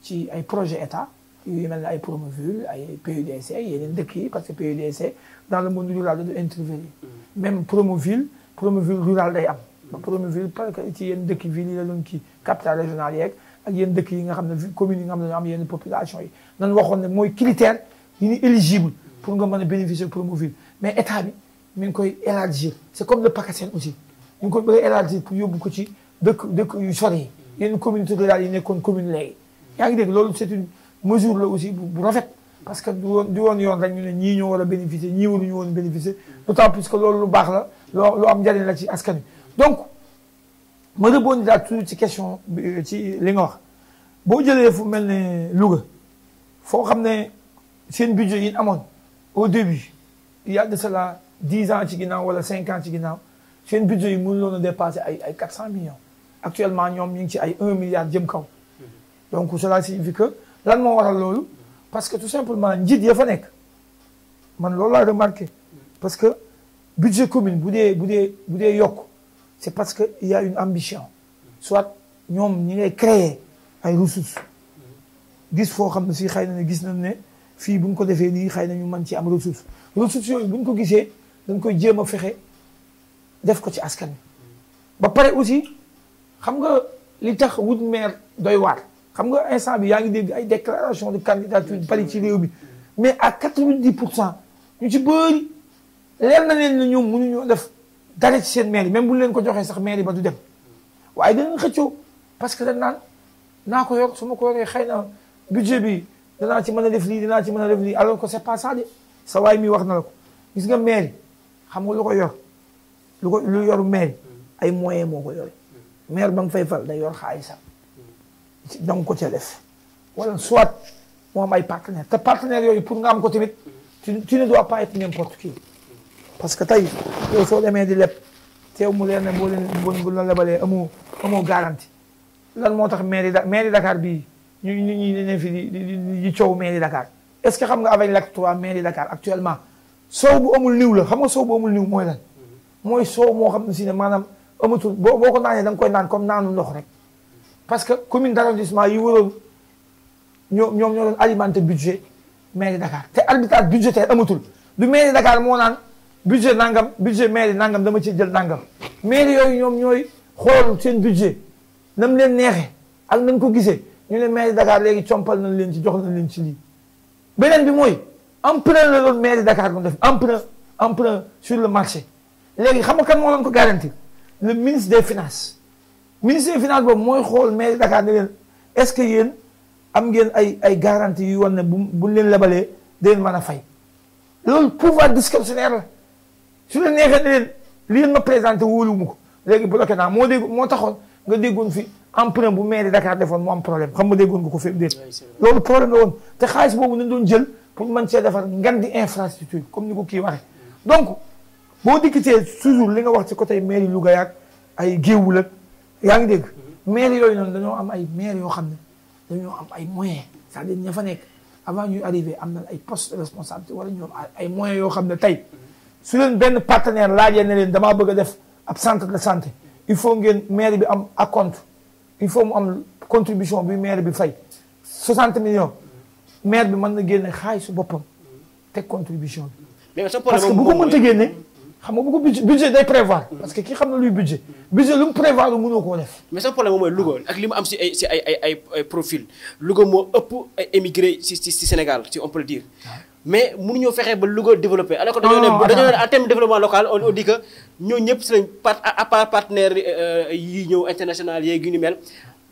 ci ay projet état yu mel ne ay Promoville ay PUDC yeneen dëkk yi parce que PUDC dans le monde rural dañu intervenir mm. même Promoville Promoville rural day am Promoville parce que ci yenn dëkk ville yi la doon kii capital régional yeeg ak yenn dëkk yi nga xam ne commune yi nga xam ne am yenn population yi nan waxoon ne mooy critère yi ni éligible pour nga mën a bénéficier Promoville mais état bi mi ngi koy élargir c'est comme le PACASEN aussi ñu ngi koy bëgg yóbbu ko ci dëkk dëkk yu sori yi commune communauté rurale yi nekkoon commune léegi yaa ngi dégg loolu c'est une mesure la aussi bu rafet parce que du woon du woon yoon rek ñu ne ñii ñoo war a bénéficier ñii waruñu woon bénéficier d'autant que loolu lu baax la loo lu am njariñ la ci askan wi donc ma rebondir daal toujours ci question ci li nga wax boo jëlee fu mel ne Louga foo xam ne seen budget yi amoon au début il y a de cela dix ans ci ginnaaw wala cinq ans ci ginnaaw seen budget yi mënuloon a dépasser ay ay quatre cent millions actuellement ñoom ñu ngi ci ay 1 milliard jëm kaw donc cela signifie que lan moo waral loolu parce que tout simplement njiit ya fa nekk man loolu laa remarqué parce que budget commune bu dee bu dee bu dee yokk c' est parce que il y a une ambition soit ñoom ñi ngay créer ay ressources gis foo xam ne si xëy na ne gis nañ ne fii bu ñu ko defee nii xay na ñu mën ci am ressource ressources yooyu bu ñu ko gisee dañ koy jéem a fexe def ko ci askan wi ba pare aussi xam nga li tax wut maire doy waar xam nga instant bi yaa ngi dégg ay déclaration de candidature bari ci réew mi mais a quatre-vingt-dix pour cent ñu ci bëri leer na leen ne ñoom mënuñoo def dara ci seen maire même bu leen ko joxee sax maire ba du dem waaye dinañ xëccoo parce que dañ naan naa ko yor su ma ko yoree xëy na budget bi danaa ci mën a def lii dinaa ci mën a def lii alors ko se pas sa waay mi wax na la ko gis nga maire xam nga lu ko yor lu ko lu yor maire ay moyens moo ko yore maire ba nga day yor xaalisam da nga ko ca wala soit moo am ay partenaire te partenaire yooyu pour nga am ko tamit tu ne dois pas être n'importe qui parce que tey yow soo demee di leb teew mu leer na boo leen bu la lebalee amoo amoo garantie lan moo tax mairie da mairie Dakar bi ñu ñu ñu ne fi di di di coow mairie Dakar est-ce que xam nga avec l'acte 3 mairie Dakar actuellement soow bu amul niw la xam nga soow bu amul niw mooy lan mooy soow moo xam si ne maanaam amatul boo ko naanee dan nga koy naan comme naanu ndox parce que commune d' arrondissement yi waroon ñoom ñoom ñoo doon alimenté budget mairie Dakar te arbitrage budgétaire amatul du mairie Dakar moo naan budget nangam budget mairie nangam dama ci jël nangam mairie yooyu ñoom ñooy xool seen budget nam leen neexe al nañ ko gisee ñu ne mairie Dakar léegi compal nañ leen ci jox nañ leen ci lii beneen bi mooy emprunt la loolu mairie Dakar doon def emprunt emprunt sur le marché léegi xam nga kan moo doon ko garantir le ministre des finances ministre des finances boobu mooy xool mais Dakar ne leen est-ce que yéen am ngeen ay ay garantie yu woon ne bu buñ leen lebalee dangeen mën a fay loolu pouvoir discrétionnaire la su leen neexee ne leen li ngeen ma présenté wóoluwuma ko léegi bloqué naa moo dégg moo taxoon nga déggoon fi emprunt bu mairie Dakar defoon mu am problème xam nga déggoon nga ko fi déet loolu problème la te xaalis boobu nañ doon jël pour mën cee defar ngan di infrastructure comme ni ko kii waxee boo dikkitee toujours li nga wax ci côté maire yi Louga yaag ay géewul ak yaa ngi dégg maire yooyu noonu dañoo am ay maire yoo xam ne dañoo am ay moyen c'est-à-dire fa nekk avant ñuy arrivé am na ay poste de responsabilité wala ñoom ay moyens yoo xam ne tey su leen benn partenaire laajee ne leen damaa bëgg a def ab centre de santé il faut ngeen maire bi am acompte il faut mu am contribution bi maire bi fay 60 millions maire bi mën na génne xaalis su contribution bi xam nga ko budget budget day prévoir. parce que ki xam na luy budget. budget lu mu prévoir lu mënoo koo def. mais sa problème mooy Louga ak li mu am si ay si ay ay ay profil Louga moo ëpp ay si si Sénégal si on peut le dire. mais mënuñoo fexe ba Louga développé alors que dañoo ne dañoo ne en terme développement local on dit que ñoo ñëpp si lañ part à euh, yi ñëw international yeeg yu ni mel.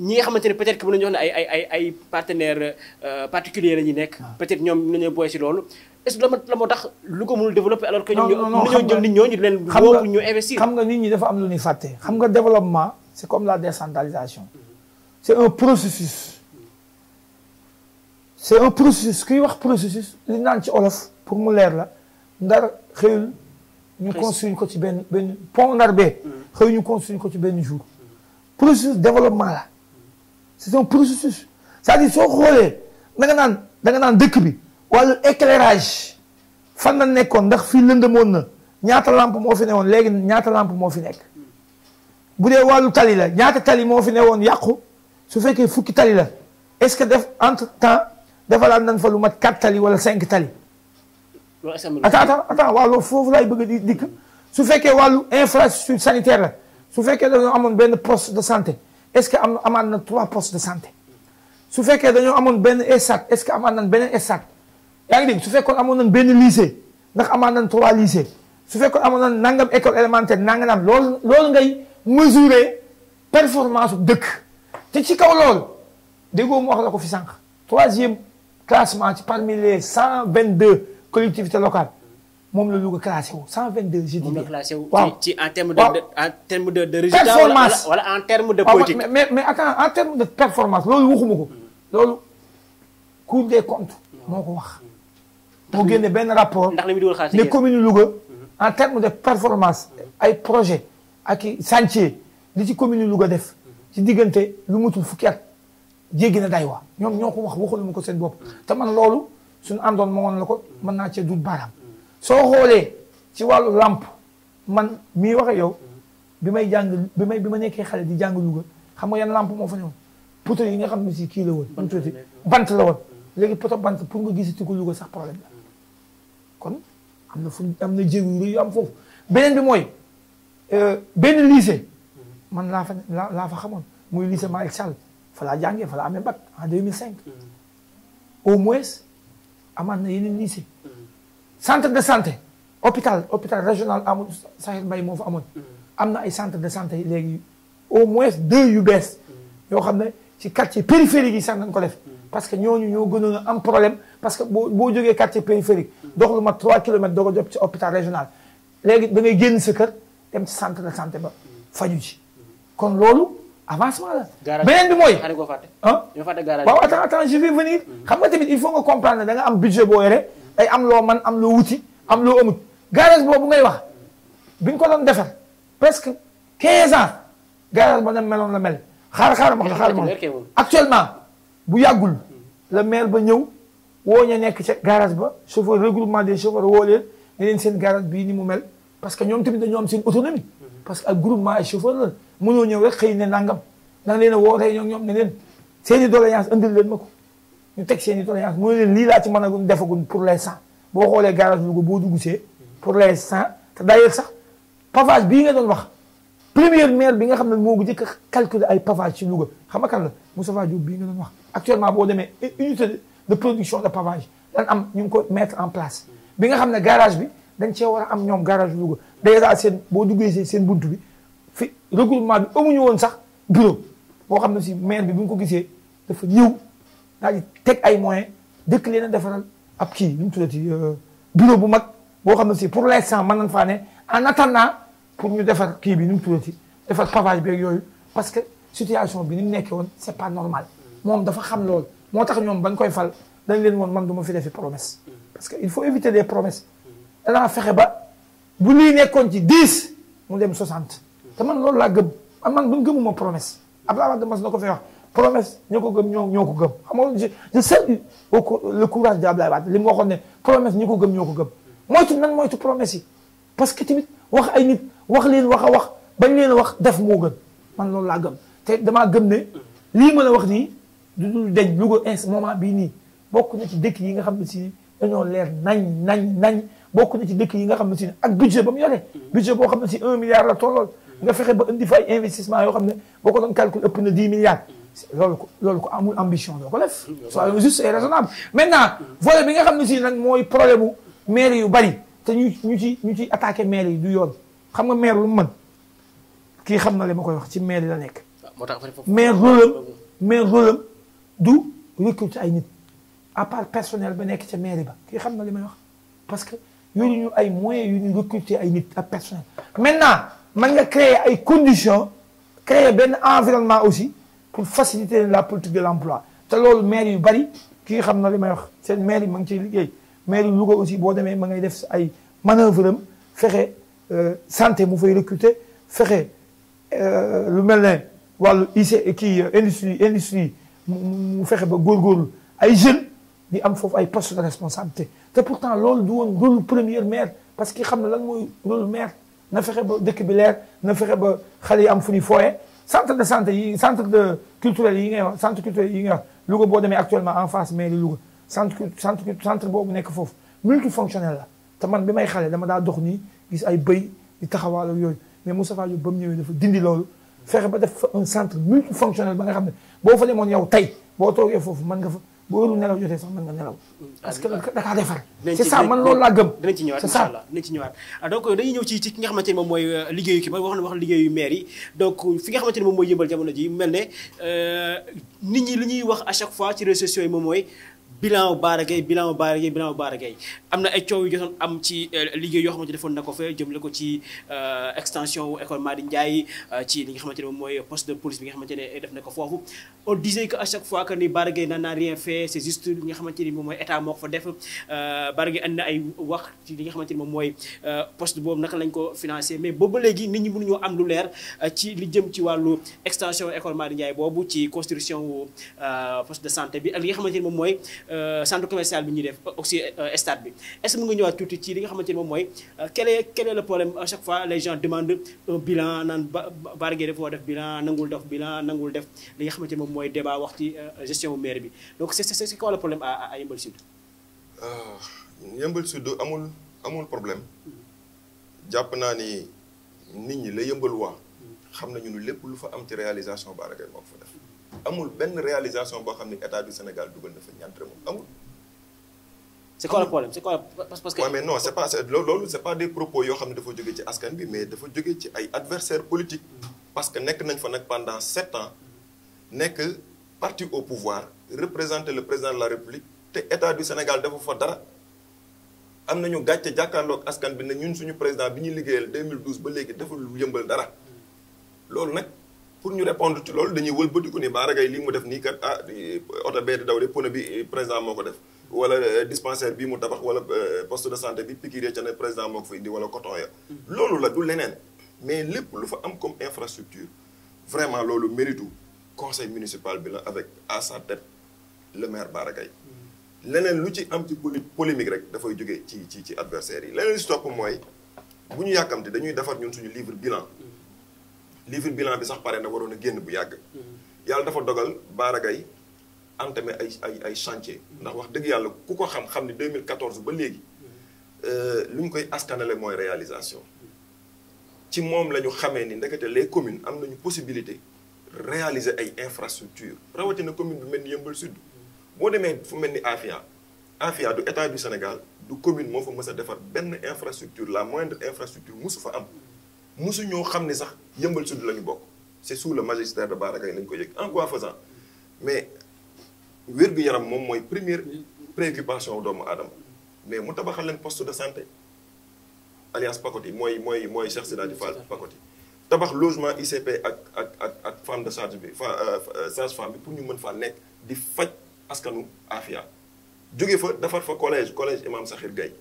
ñi nga xamante ne peut-être que mën nañu wax ne ay ay ay ay partenaires euh, particuliers la ñuy nekk. Ah. peut-être ñoom mën nañoo si loolu. est-ce que la moo tax lu ko mënul développer alors que. non non xam nga ñoo jël nit ñooñu leen. woo ñu investir xam nga nit ñi dafa am lu ñuy fàtte. xam nga développement c'est comme la décentralisation. Mm-hmm. c'est un processus. c'est un processus kuy wax processus li naan ci olof pour mu leer la ndar xëyul ñu construire ko ci benn benn pont ndar bee. Mm-hmm. xëy ñu ko ci benn jour. processus développement la. c'est un processus cest à soo xoolee da naan da naan dëkk bi wàllu éclairage fan na nekkoon ndax fii lëndëmoon na ñaata lampe moo fi newoon léegi ñaata lampe moo fi nekk bu dee wàllu tali la ñaata tali moo fi newoon yàqu su fekkee fukki tali la est-ce que def entre temps defalaat nañ fa lu mat quatre tali wala cinq tali. loolu attends attends attends waaw foofu laay bëgg di dikk su fekkee wàllu infrastructure sanitaire la su fekkee dañoo amoon benn poste de santé. est-ce que am amaat na trois post de santé su fekkee dañoo amoon benn ESAT est-ce que amaat nañ beneen ESAT yaa ngi dégg su fekkoon amoon nañ benn lycée ndax amaat nañ trois lycée su fekkoon amoon na nangam école élémentaire nangam loolu loolu ngay mesurer performance bu dëkk te ci kaw loolu déggoo mu wax la ko fi sànq troisième classement ci parmi les cent vingt deux collectivités locales moom la Louga classé wu 122. je dis bien moom la waaw en terme de en de de résultat performance wala en terme de politique. mais mais mais attends en terme de performance loolu waxuma ko. Mm. loolu Cour des comptes moo ko wax. moo génne benn rapport ndax li mu dugal xaalis ne commune Louga. Mm-hmm. en terme de performance mm-hmm. ay projet ak i chantier li ci commune Louga def. Mm-hmm. ci diggante lu mutul fukki at jéggi na day wa ñoom ñoo ko wax waxaluma ko seen bopp. te man loolu suñu àndoon ma woon la ko mën naa cee dut baaraam. soo xoolee ci wàllu làmp man mii wax ak yow bi may jàng bi may bi ma nekkee xale di jàng Louga xam nga yan làmp moo fa ñëwoon poto yi nga xam ne si kii la woon ban tuuti bant la woon léegi poto bant pour nga gisati ko Louga sax problème la kon am na fu am na jéego yu am foofu beneen bi mooy euh, benn lycée man laa fa laa laa fa xamoon muy lycée Malick Sall fa laa jàngee fa laa amee bac en 2005 mm-hmm. au moins amaat na yeneen lycée centre de santé hôpital hôpital régional amul Sahel Mbaye moo fa amoon mm. am na ay centre de santé léegi au moins deux yu bees mm. yoo xam ne ci quartier périphérique yi sax nañ ko def mm. parce que ñooñu ñoo gënoon a am problème parce que boo boo jógee quartier périphérique dox lu mat kilomètres doo ko jot ci hôpital régional léegi da ngay génn sa kër dem ci centre de santé ba faju ci kon loolu avancement la beneen bi mooy ah waaw attends attends je vais venir xam nga tamit il faut nga da nga am budget boo yore day am loo man am loo wuti am loo amut garage boobu ngay wax bi ñu ko doon defar presque 15 ans garage ba dem meloon la mel xaar xaar ma xaar ma actuellement bu yàggul la maire ba ñëw woo ña nekk ca garage ba chauffeur regroupement des chauffeurs woo leen ne leen seen garage bii ni mu mel parce que ñoom tamit dañoo am seen autonomie mhm. parce que ak groupement ay chauffeur la mënoo ñëw rek xëy ne nangam nang leen a woo tey ñoom ne leen seen i doléance indil leen ma ko ñu teg seen i doléance mu ne leen lii laa ci mën a defagum pour l'instant boo xoolee garage Louga boo dugg see pour l'instant te d'ailleurs sax pavage bii nga doon wax premier maire bi nga xam ne moo ko jëkk a ay pavage ci xam nga kan la Moustapha Diop bii nga doon wax actuellement boo demee unité de production de pavage am ñu ngi ko mettre en place bi nga xam ne garage bi dañ cee war a am ñoom garage Louga déjà seen boo duggee seen bunt bi fi regroupement bi amuñu woon sax bureau boo xam ne si maire bi bu ñu ko gisee dafa ñëw daal di teg ay moyen dëkk leen a defaral ab kii nu mu tuddati euh, bureau bu mag boo xam ne si pour les l'instant man nañ faa ne en attendant pour ñu defar kii bi nu mu tuddati defar pavage beeg yooyu parce que situation bi ni mu nekkee woon c'est pas normal moom dafa xam loolu moo tax ñoom bañ koy fal dañ leen woon man du ma fi defi promesse parce que il faut éviter des promesses danaa fexe ba bu luy nekkoon ci 10 mu dem 60 te man loolu laa gëm man man buñ gëmuma promesse Abdoulaye Wade mas na ko fi promesse ñoo ko gëm ñoo ñoo ko gëm xam nga je salue le courage de Abdoulaye Wade li mu waxoon ne promesse ñi ko gëm ñoo ko gëm moytu nan moytu promesse yi parce que tamit wax ay nit wax leen wax a wax bañ leen a wax def moo gën man loolu laa gëm te damaa gëm ne lii ma la wax nii du dul deñ Louga ins moment bii nii bokk na ci dëkk yi nga xam ne si dañoo leer nañ nañ nañ bokk na ci dëkk yi nga xam ne ak budget ba mu yore budget boo xam ne si un milliard la tollool nga fexe ba indi fa ay investissement yoo xam ne boo ko doon calcul ëpp dix milliards loolu ko loolu ko amul ambition doo ko def. soyons juste et raisonnable maintenant volet bi nga xam ne si nag mooy problème mu maire yu bari te ñu ñu ci ñu ci attaqué maire yi du yoon xam nga maire lu mu mën kii xam na li ma koy wax ci maire la nekk. Ah, moo tax maire rôlam maire rôlam du recruter ay nit à part personnel ba nekk ca maire ba kii xam na li may wax parce que yu ñu ay moyens yu ñu recruter ay nit ak personnel maintenant mën nga créer ay conditions créer benn environnement aussi. pour faciliter la politique de l'emploi te loolu mair yu bari ki xam na li may wax seen maire yi ma ngi ciy liggéey maire yu Louga aussi boo demee ma ngay def ay manœuvre am fexe euh, santé mu fay recruter fexe euh, lu mel ne wàllu IC kii euh, industrie industrie mu fexe ba góorgóorlu ay jeunes di am foofu ay postes de responsabilité te pourtant loolu du woon rôle premier maire parce que xam ne lan mooy rôle maire na fexe ba dëkk bi leer na fexe ba xale yi am fu ñuy centre de santé yi centre de culturel yi ngay wax centre culturel yi ngay wax Louga boo demee actuellement en face mairie Louga centre centre centre nekk foofu multifonctionnel la te man bi may xale dama daa dox nii gis ay bëy di taxawaal yooyu mais Moustapha Diop ba mu ñëwee dafa dindi loolu fexe ba def fa un centre multifonctionnel ba nga xam ne boo fa moon yow tey boo toogee foofu mën nga fa boobu waru nelaw jotee sax mën nga nelaw mm. parce que da kaa defar c'est ça man loolu laa gëm dinañ ci ñëwaat incha allah dinañ ci ñëwaat ah, donc euh, dañuy ñëw ci ci ki nga xamante ne mooy euh, liggéeyu ki ba wax na wax liggéeyu maire yi donc fi nga xamante ne moom mooy yëmbal jamono ji mel ne euh, nit ñi li ñuy wax à chaque fois ci réseaux sociaux yi moom mooy bilan Bara Gaye bilan Bara Gaye bilan Bara Gaye am na ay coow yu jotoon am ci euh, liggéey yoo xamante defoon na ko fee jëmale ko ci euh, extension wu école euh, ci li nga xamante ne moom mooy poste de police bi nga xamante ne def na ko foofu on disait que à chaque ni Bara Gaye n'a rien fait c'est juste li nga xamante ni moom mooy état ay wax ci li nga xamante ni moom mooy poste boobu naka lañ ko financé mais boobu ba léegi nit ñi mënuñoo am lu leer ci li jëm ci wàllu extension école Madi Ndiaye boobu ci construction wu poste de santé bi ak li nga xamante moom mooy centre commercial bi ñuy def aussi stade bi est-ce que mën nga ñëwaat tuuti ci li nga xamante ni moom mooy euh, quel est quel est le problème à chaque fois les gens demandent un bilan naan Bara Gaye dafa war def bilan nangul def bilan nangul def li nga xamante ni moom mooy débat wax ci euh, gestion maire bi donc c'est c'est quoi le problème à à Sud. Ah, Yeumbeul Sud amul amul problème hmm. jàpp naa ni nit ñi la yëmbal waa hmm. xam nañu ni lépp lu fa am ci réalisation Bara Gaye fa def amul benn réalisation boo xam ni état du Sénégal dugal na fa ñaar dërëm amul. c'est quoi le problème c'est quoi parce que. waaw mais non c'est pas loolu c'est pas des propos yoo xam ne dafa jóge ci askan bi mais dafa jóge ci ay adversaires politiques parce que nekk nañ fa nag pendant sept ans nekk parti au pouvoir représenter le président de la république te état du Sénégal dafa fa dara. am nañu gàcce jàkkaarloog askan bi ne ñun suñu président bi ñuy liggéeyal 2012 ba léegi deful yëmbal dara loolu nag pour ñu répondre ci loolu dañuy wëlbatiku ni baaragay lii mu def nii kat ah oto daw de pono bi président moo ko def. wala euh, dispensaire bi mu tabax wala euh, poste de santé bi piqûre ca ne président moo ko fa indi wala coton ya mm-hmm. loolu la du leneen mais lépp lu fa am comme infrastructure vraiment loolu méritu conseil municipal bi la avec à sa le maire Bara Gaye mm-hmm. leneen lu ci am ci polémique rek dafay jóge ci ci ci adversaires yi leneen si mooy bu ñu yàkkamte dañuy defar ñun suñu livre bilan mm-hmm. livre bilan bi sax pare na waroon a génn bu yàgg yàlla dafa dogal Bara Gaye entamé ay ay ay chancer ndax wax dëgg yàlla ku ko xam xam ne 2014 ba léegi euh, lu ñu koy askanale mooy réalisation ci moom lañu ñu xamee ni ndekete les communes am nañu possibilité réaliser ay infrastructures rawatina commune bi mel ni Yeumbeul Sud boo demee fu mel ni Afia Afia du état du Sénégal du commune moo fa mës a defar benn infrastructure la moindre infrastructure mosu fa am mosu ñoo xam ne sax Yeumbeul Sud la ñu bokk c'est sous le de Bara Gaye ko yëg en quoi faisant wér-gu-yaram moom mooy première préoccupation wu doomu aadama mais mu tabaxal leen poste de santé alliance Pacoti mooy mooy mooy Cheikh Sidaji Fall Pacoti tabax logement ICP ak ak ak ak femme de charge bi euh, euh, sage femme bi pour ñu mën faa nekk di faj askanu Afia jóge fa defar fa collège collège Imam Sakhir Gaye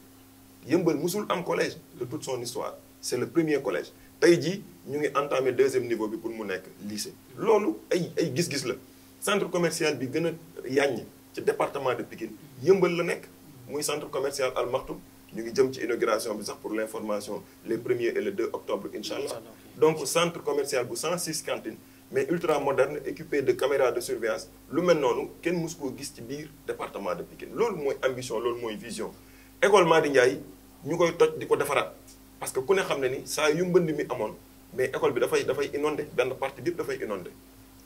yëmbal mosul am collège de toute son histoire c'est le premier collège tey jii ñu ngi entame deuxième niveau bi pour mu nekk lycée loolu ay ay gis-gis la centre commercial bi gën a Yagny ci département de Pikine yëmbal la nekk muy centre commercial Al Maktoum ñu ngi jëm ci inauguration bi sax pour l' information les premiers et le octobre incha allah donc centre commercial bu 106 cantines mais ultra moderne équipé de caméras de surveillance lu mel noonu kenn mësu koo gis ci biir département de Pikine loolu mooy ambition loolu mooy vision école Madi Ndiaye ñu koy toj di ko defaraat parce que ku ne xam ne ni saa yu mbënn mi amoon mais école bi dafay dafay inondé benn partie bi dafay inondé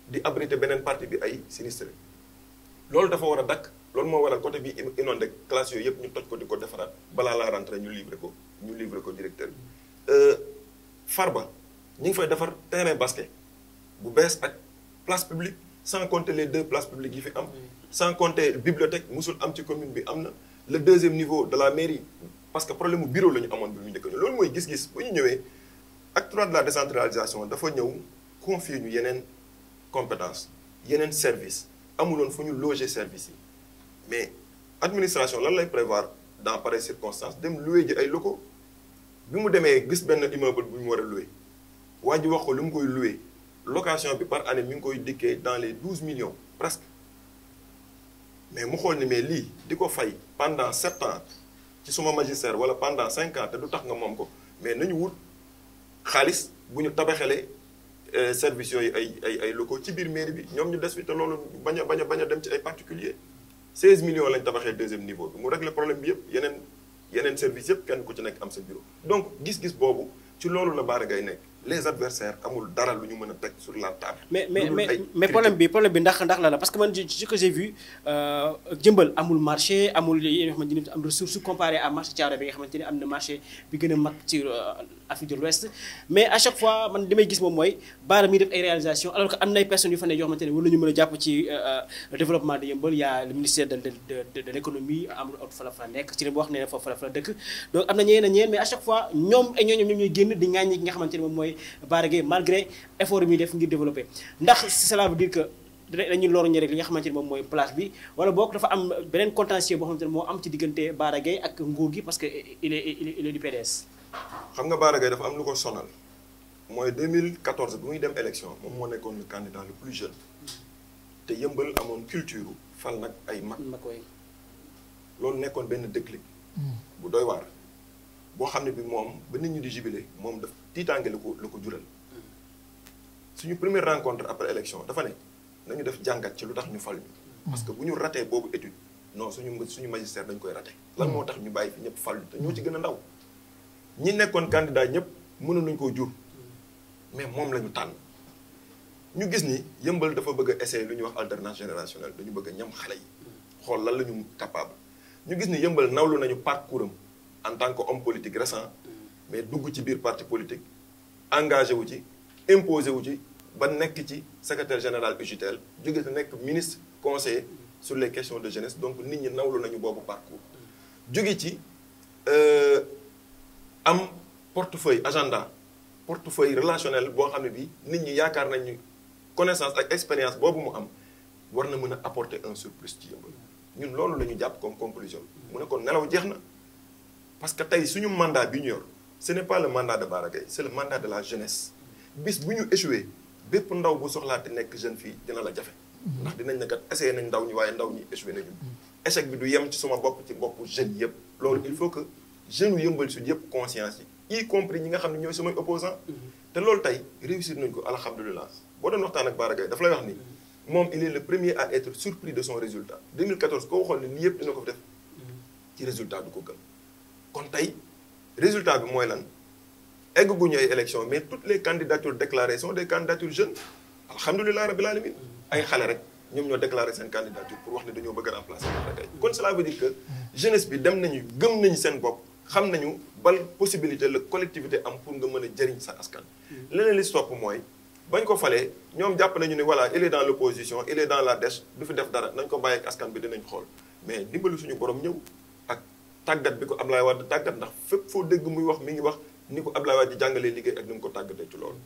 di abrité beneen partie bi ay sinistré loolu dafa war a dakk loolu moo a côté bi inondé classe yooyu yëpp ñu toj ko di ko defaraat balaa la rentrée ñu livré ko ñu livré ko directeur bi euh, Farba ñu ngi fay defar terrain basket bu bees ak place publique sans compter les deux places publiques yi fi am sans compter bibliothèque mosul am ci commune bi am na le deuxième niveau de la mairie parce que problème mu bureau la ñu amoon bi mu njëkk ñu loolu mooy gis-gis bu ñu ñëwee acte trois de la décentralisation dafa ñëw confier ñu yeneen compétence yeneen service amuloon fu ñu loger service yi mais administration lan lay prévoir dans pareilles circonstances dem louer ji ay locaux bi mu demee gis benn immeuble bu ñu war a louer waa ji wax ko lu mu koy louer location bi par année mi ngi koy dikkee dans les douze millions presque mais mu xool ni mais lii di ko fay pendant sept ans ci suma magistère wala pendant cinq ans te du tax nga moom ko mais nañu wut xaalis bu ñu tabaxalee Euh, service yooyu ay ay ay locaux ci biir mairie bi ñoom ñu des fi loolu bañ a bañ dem ci ay particulier 16 millions lañ tabaxee deuxième niveau bi mu régler problème bi yëpp yeneen yeneen service yëpp kenn ku ci nekk am sa bureau donc gis-gis boobu ci loolu la Bara ngay nekk les adversaires amul dara lu ñu mën a teg sur la table. mais mais mais mais problème bi problème bi ndax ndax la la parce que man ce que j'ai vu euh, jëmbal amul marché amul yi nga xamante ni am ressource comparé à marché Thiaroye bi nga xamante ni am na marché bi gën a mag ci euh, Afrique de l'Ouest mais à chaque fois man li may gis moom mooy baara mi def ay réalisation alors que am na ay personnes yu fa ne yoo xamante ne war nañu mën a jàpp ci euh, développement de yëmbal y a le ministère de de de de l'économie amul ot fa la fa nekk ci li mu wax nee na foofu fa la fa la dëkk donc am na ñeneen a ñeneen mais à chaque fois ñoom ay ñooñu ñoom ñooy génn di ŋàññi ki nga xamante ne moom mooy développer Bara Gaye malgré effort yi muy def ngir développer ndax cela veut dire que dañuy lorñe rek li nga xamante ni moom mooy place bi wala boog dafa am beneen contentieux boo xamante moo am ci diggante Bara ak nguur gi parce que il est xam nga Bara Gaye dafa am lu ko sonal mooy 2014 bu muy dem élection moom moo nekkoon le candidat le plus jeune te yëmbal amoon culture fal nag ay mag. loolu nekkoon benn déclic. Mm. bu doy waar boo xam ne bi moom ba nit ñi di jubilé moom daf tiitaange lu ko lu ko jural suñu première rencontre après élection dafa ne nañu def jàngat ci lu tax ñu fal ñu parce que bu ñu ratee boobu étude non suñu suñu magistère dañ koy rate lan moo tax ñu bàyyi fi ñëpp fal ñu te ci gën a ndaw ñi nekkoon candidat ñëpp mënoon nañu koo jur mais moom lañu tànn ñu gis ni yëmbal dafa bëgg a lu ñuy wax alternance générationnelle dañu bëgg a ñam xale yi xool lan la ñu capable ñu gis ni yëmbal nawlu nañu parcours am en tant que homme politique récent mais dugg ci biir partie politique engagé wu ci imposé wu ci ba nekk ci secretaire général UGTEL jóge te nekk ministre conseiller sur les questions de jeunesse donc nit ñi nawlu nañu boobu parcours jóge ci euh, am portefeuille agenda portefeuille relationnel boo xam ne bi nit ñi yaakaar nañu connaissance ak expérience boobu mu am war na mën a apporter un surplus ci yëmbal ñun loolu la ñu jàpp comme conclusion mu ne kon nelaw jeex na parce que tey suñu mandat bi ñu ce n'est pas le mandat de Bara Gaye c'est le mandat de la jeunesse bis bu ñu échoué bépp ndaw bu soxlaa te nekk jeune fii dina la jafe ndax dinañ ne kat essayé nañ ndaw ñi waaye ndaw ñi échoué nañu échec bi du yem ci suma bopp ci bopp jeunes yëpp loolu il faut que jeunes yu yëmbal sud yëpp conscience yi y compris ñi nga xam ne ñooy samay opposant te loolu tey réussir nañ ko alhamdulilah boo doon waxtaan ak Bara Gaye daf lay wax ni moom il est le premier à être de son résultat 2014 koo waxoon ne ko fi ci résultat du ko gën tey résultat bi mooy lan egguñu ay élection mais toutes les candidatures déclarées sont des candidatures jeunes alhamdulilah rabil alamin ay xale rek ñoom ñoo déclaré seen candidature pour wax ne dañoo bëgg a remplacer Diatta Gaye kon cela veut dire que jeunesse bi dem nañu gëm nañu seen bopp xam nañu bal possibilité la collectivité am pour nga mën a jëriñ sa askan. leneen li topp mooy bañ ko falee ñoom jàpp nañu ni voilà il est dans l'opposition il est dans la dèche du fi def dara nañ ko bàyyi ak askan bi dinañ xool mais dimbalu suñu boroom ñëw. tàggat bi ko Ablaye Wade tàggat ndax fépp foo dégg muy wax mi ngi wax ni ko Ablaye Wade jàngalee liggéey ak ni mu ko tàggatee ci loolu.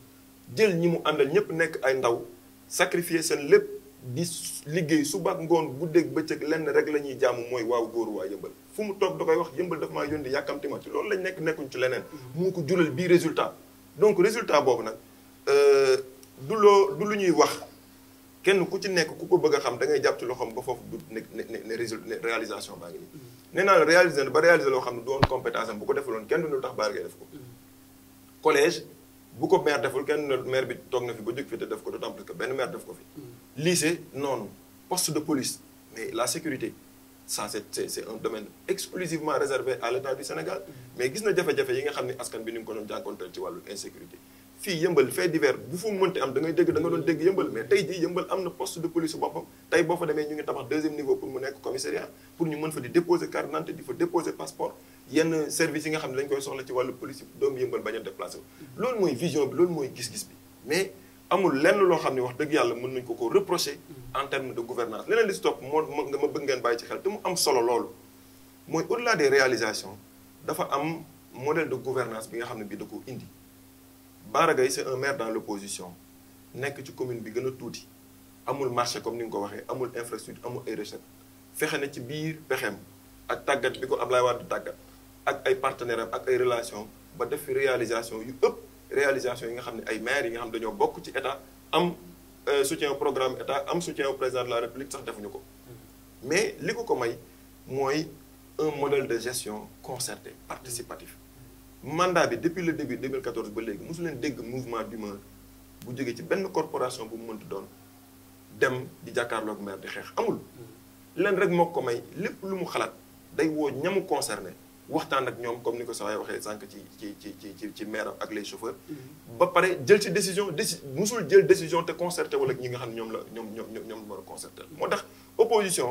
jël ñi mu àndal ñëpp nekk ay ndaw sacrifier seen lépp di liggéey su ak ngoon bu guddeeg bëccëg lenn rek la ñuy jaamu mooy waaw góoru waa yëmbal fu mu toog da koy wax yëmbal daf maa yónni yàkkamti ma ci loolu lañ nekk nekkuñ ci leneen. Mm-hmm. moo ko jural bii résultat donc résultat boobu nag euh, du loo du lu ñuy wax. kenn ku ci nekk ku ko bëgg a xam da jàpp ci loxoom ba foofu du ne ne réalisation baa nee naa la réaliser na ba réaliser loo xam ne du woon compétence am bu ko defaloon kenn du tax baar def ko. collège bu ko maire deful kenn du maire bi toog na fi ba jóg fi te def ko d'autant plus que benn maire def ko fi. Mm. lycée noonu poste de police mais la sécurité ça c'est c'est un domaine exclusivement réservé à l'État du Sénégal. Mm. mais gis na jafe-jafe yi nga xam ne askan bi nu mu ko doon jànkonteel ci wàllu insécurité. fii yëmbal fait divers bu fu mënti am da dégg da doon dégg yëmbal mais tey jii yëmbal am na poste de police boppam tey boo fa demee ñu ngi tabax deuxième niveau pour mu nekk commissariat pour ñu mën fa di déposer carte d'identité di fa déposer passeport yenn service yi nga xam ne dañ koy soxla ci wàllu police doomu yëmbal bañ a déplacé loolu mooy vision bi loolu mooy gis-gis bi mais amul lenn loo xam ne wax dëgg yàlla mën nañ ko ko reprocher en terme leneen li si topp moo nga ma bëgg ngeen am solo loolu mooy au-delà des réalisations dafa am modèle de gouvernance bi nga xam ne bi da ko indi Bara Gaye c'est un maire dans l'opposition nekk ci commune bi gën a tuuti amul marché comme ni nga ko waxee amul infrastructure amul ay recettes fexe na ci biir pexeem ak tàggat bi ko Ablaye du tàggat ak ay partenaires ak ay relations ba def réalisation yu ëpp réalisation yi nga xam ne ay maires yi nga xam dañoo bokk ci état am euh, soutien programme état am soutien au président de la république sax defuñu ko mm-hmm. mais li ko ko may mooy un modèle de gestion concerté mandat bi depuis le début 2014 ba léegi mosu leen dégg mouvement d'humeur bu jógee ci benn corporation bu mu mënti doon dem di jàkkaarlook maire di xeex amul. Mm. leen rek moo ko may lépp lu mu xalaat day woo ñamu concerné waxtaan ak ñoom comme ni ko saa waxee sànq ci ci ci ci ci maire ak les chauffeurs. Mm. ba pare jël ci décision déci mosul jël décision te concerté wala ñi nga xam ñoom la ñoom ñoom ñoom la war a moo tax opposition.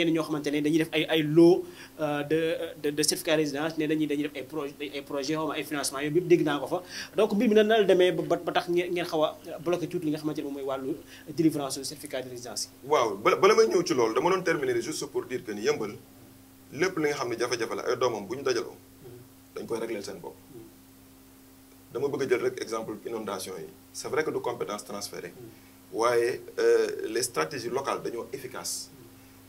ñenn ne dañuy def ay lot euh, de de résidence ne dañuy dañuy def ay projet ay ay financement yooyu yëpp dégg naa ko fa donc mbir mi na nal demee ba tax ngeen xaw a bloqué tuuti li nga xamante ne moom mooy wàllu délivrance su certificat de résidence yi waaw bala bala may ñëw ci loolu dama doon terminer juste pour dire que yëmbal lépp li nga xam ne jafe-jafe la ay doomam bu ñu dajaloo hmm. dañ koy régler seen bopp hmm. dama bëgg a jël rek exemple inondation yi c'est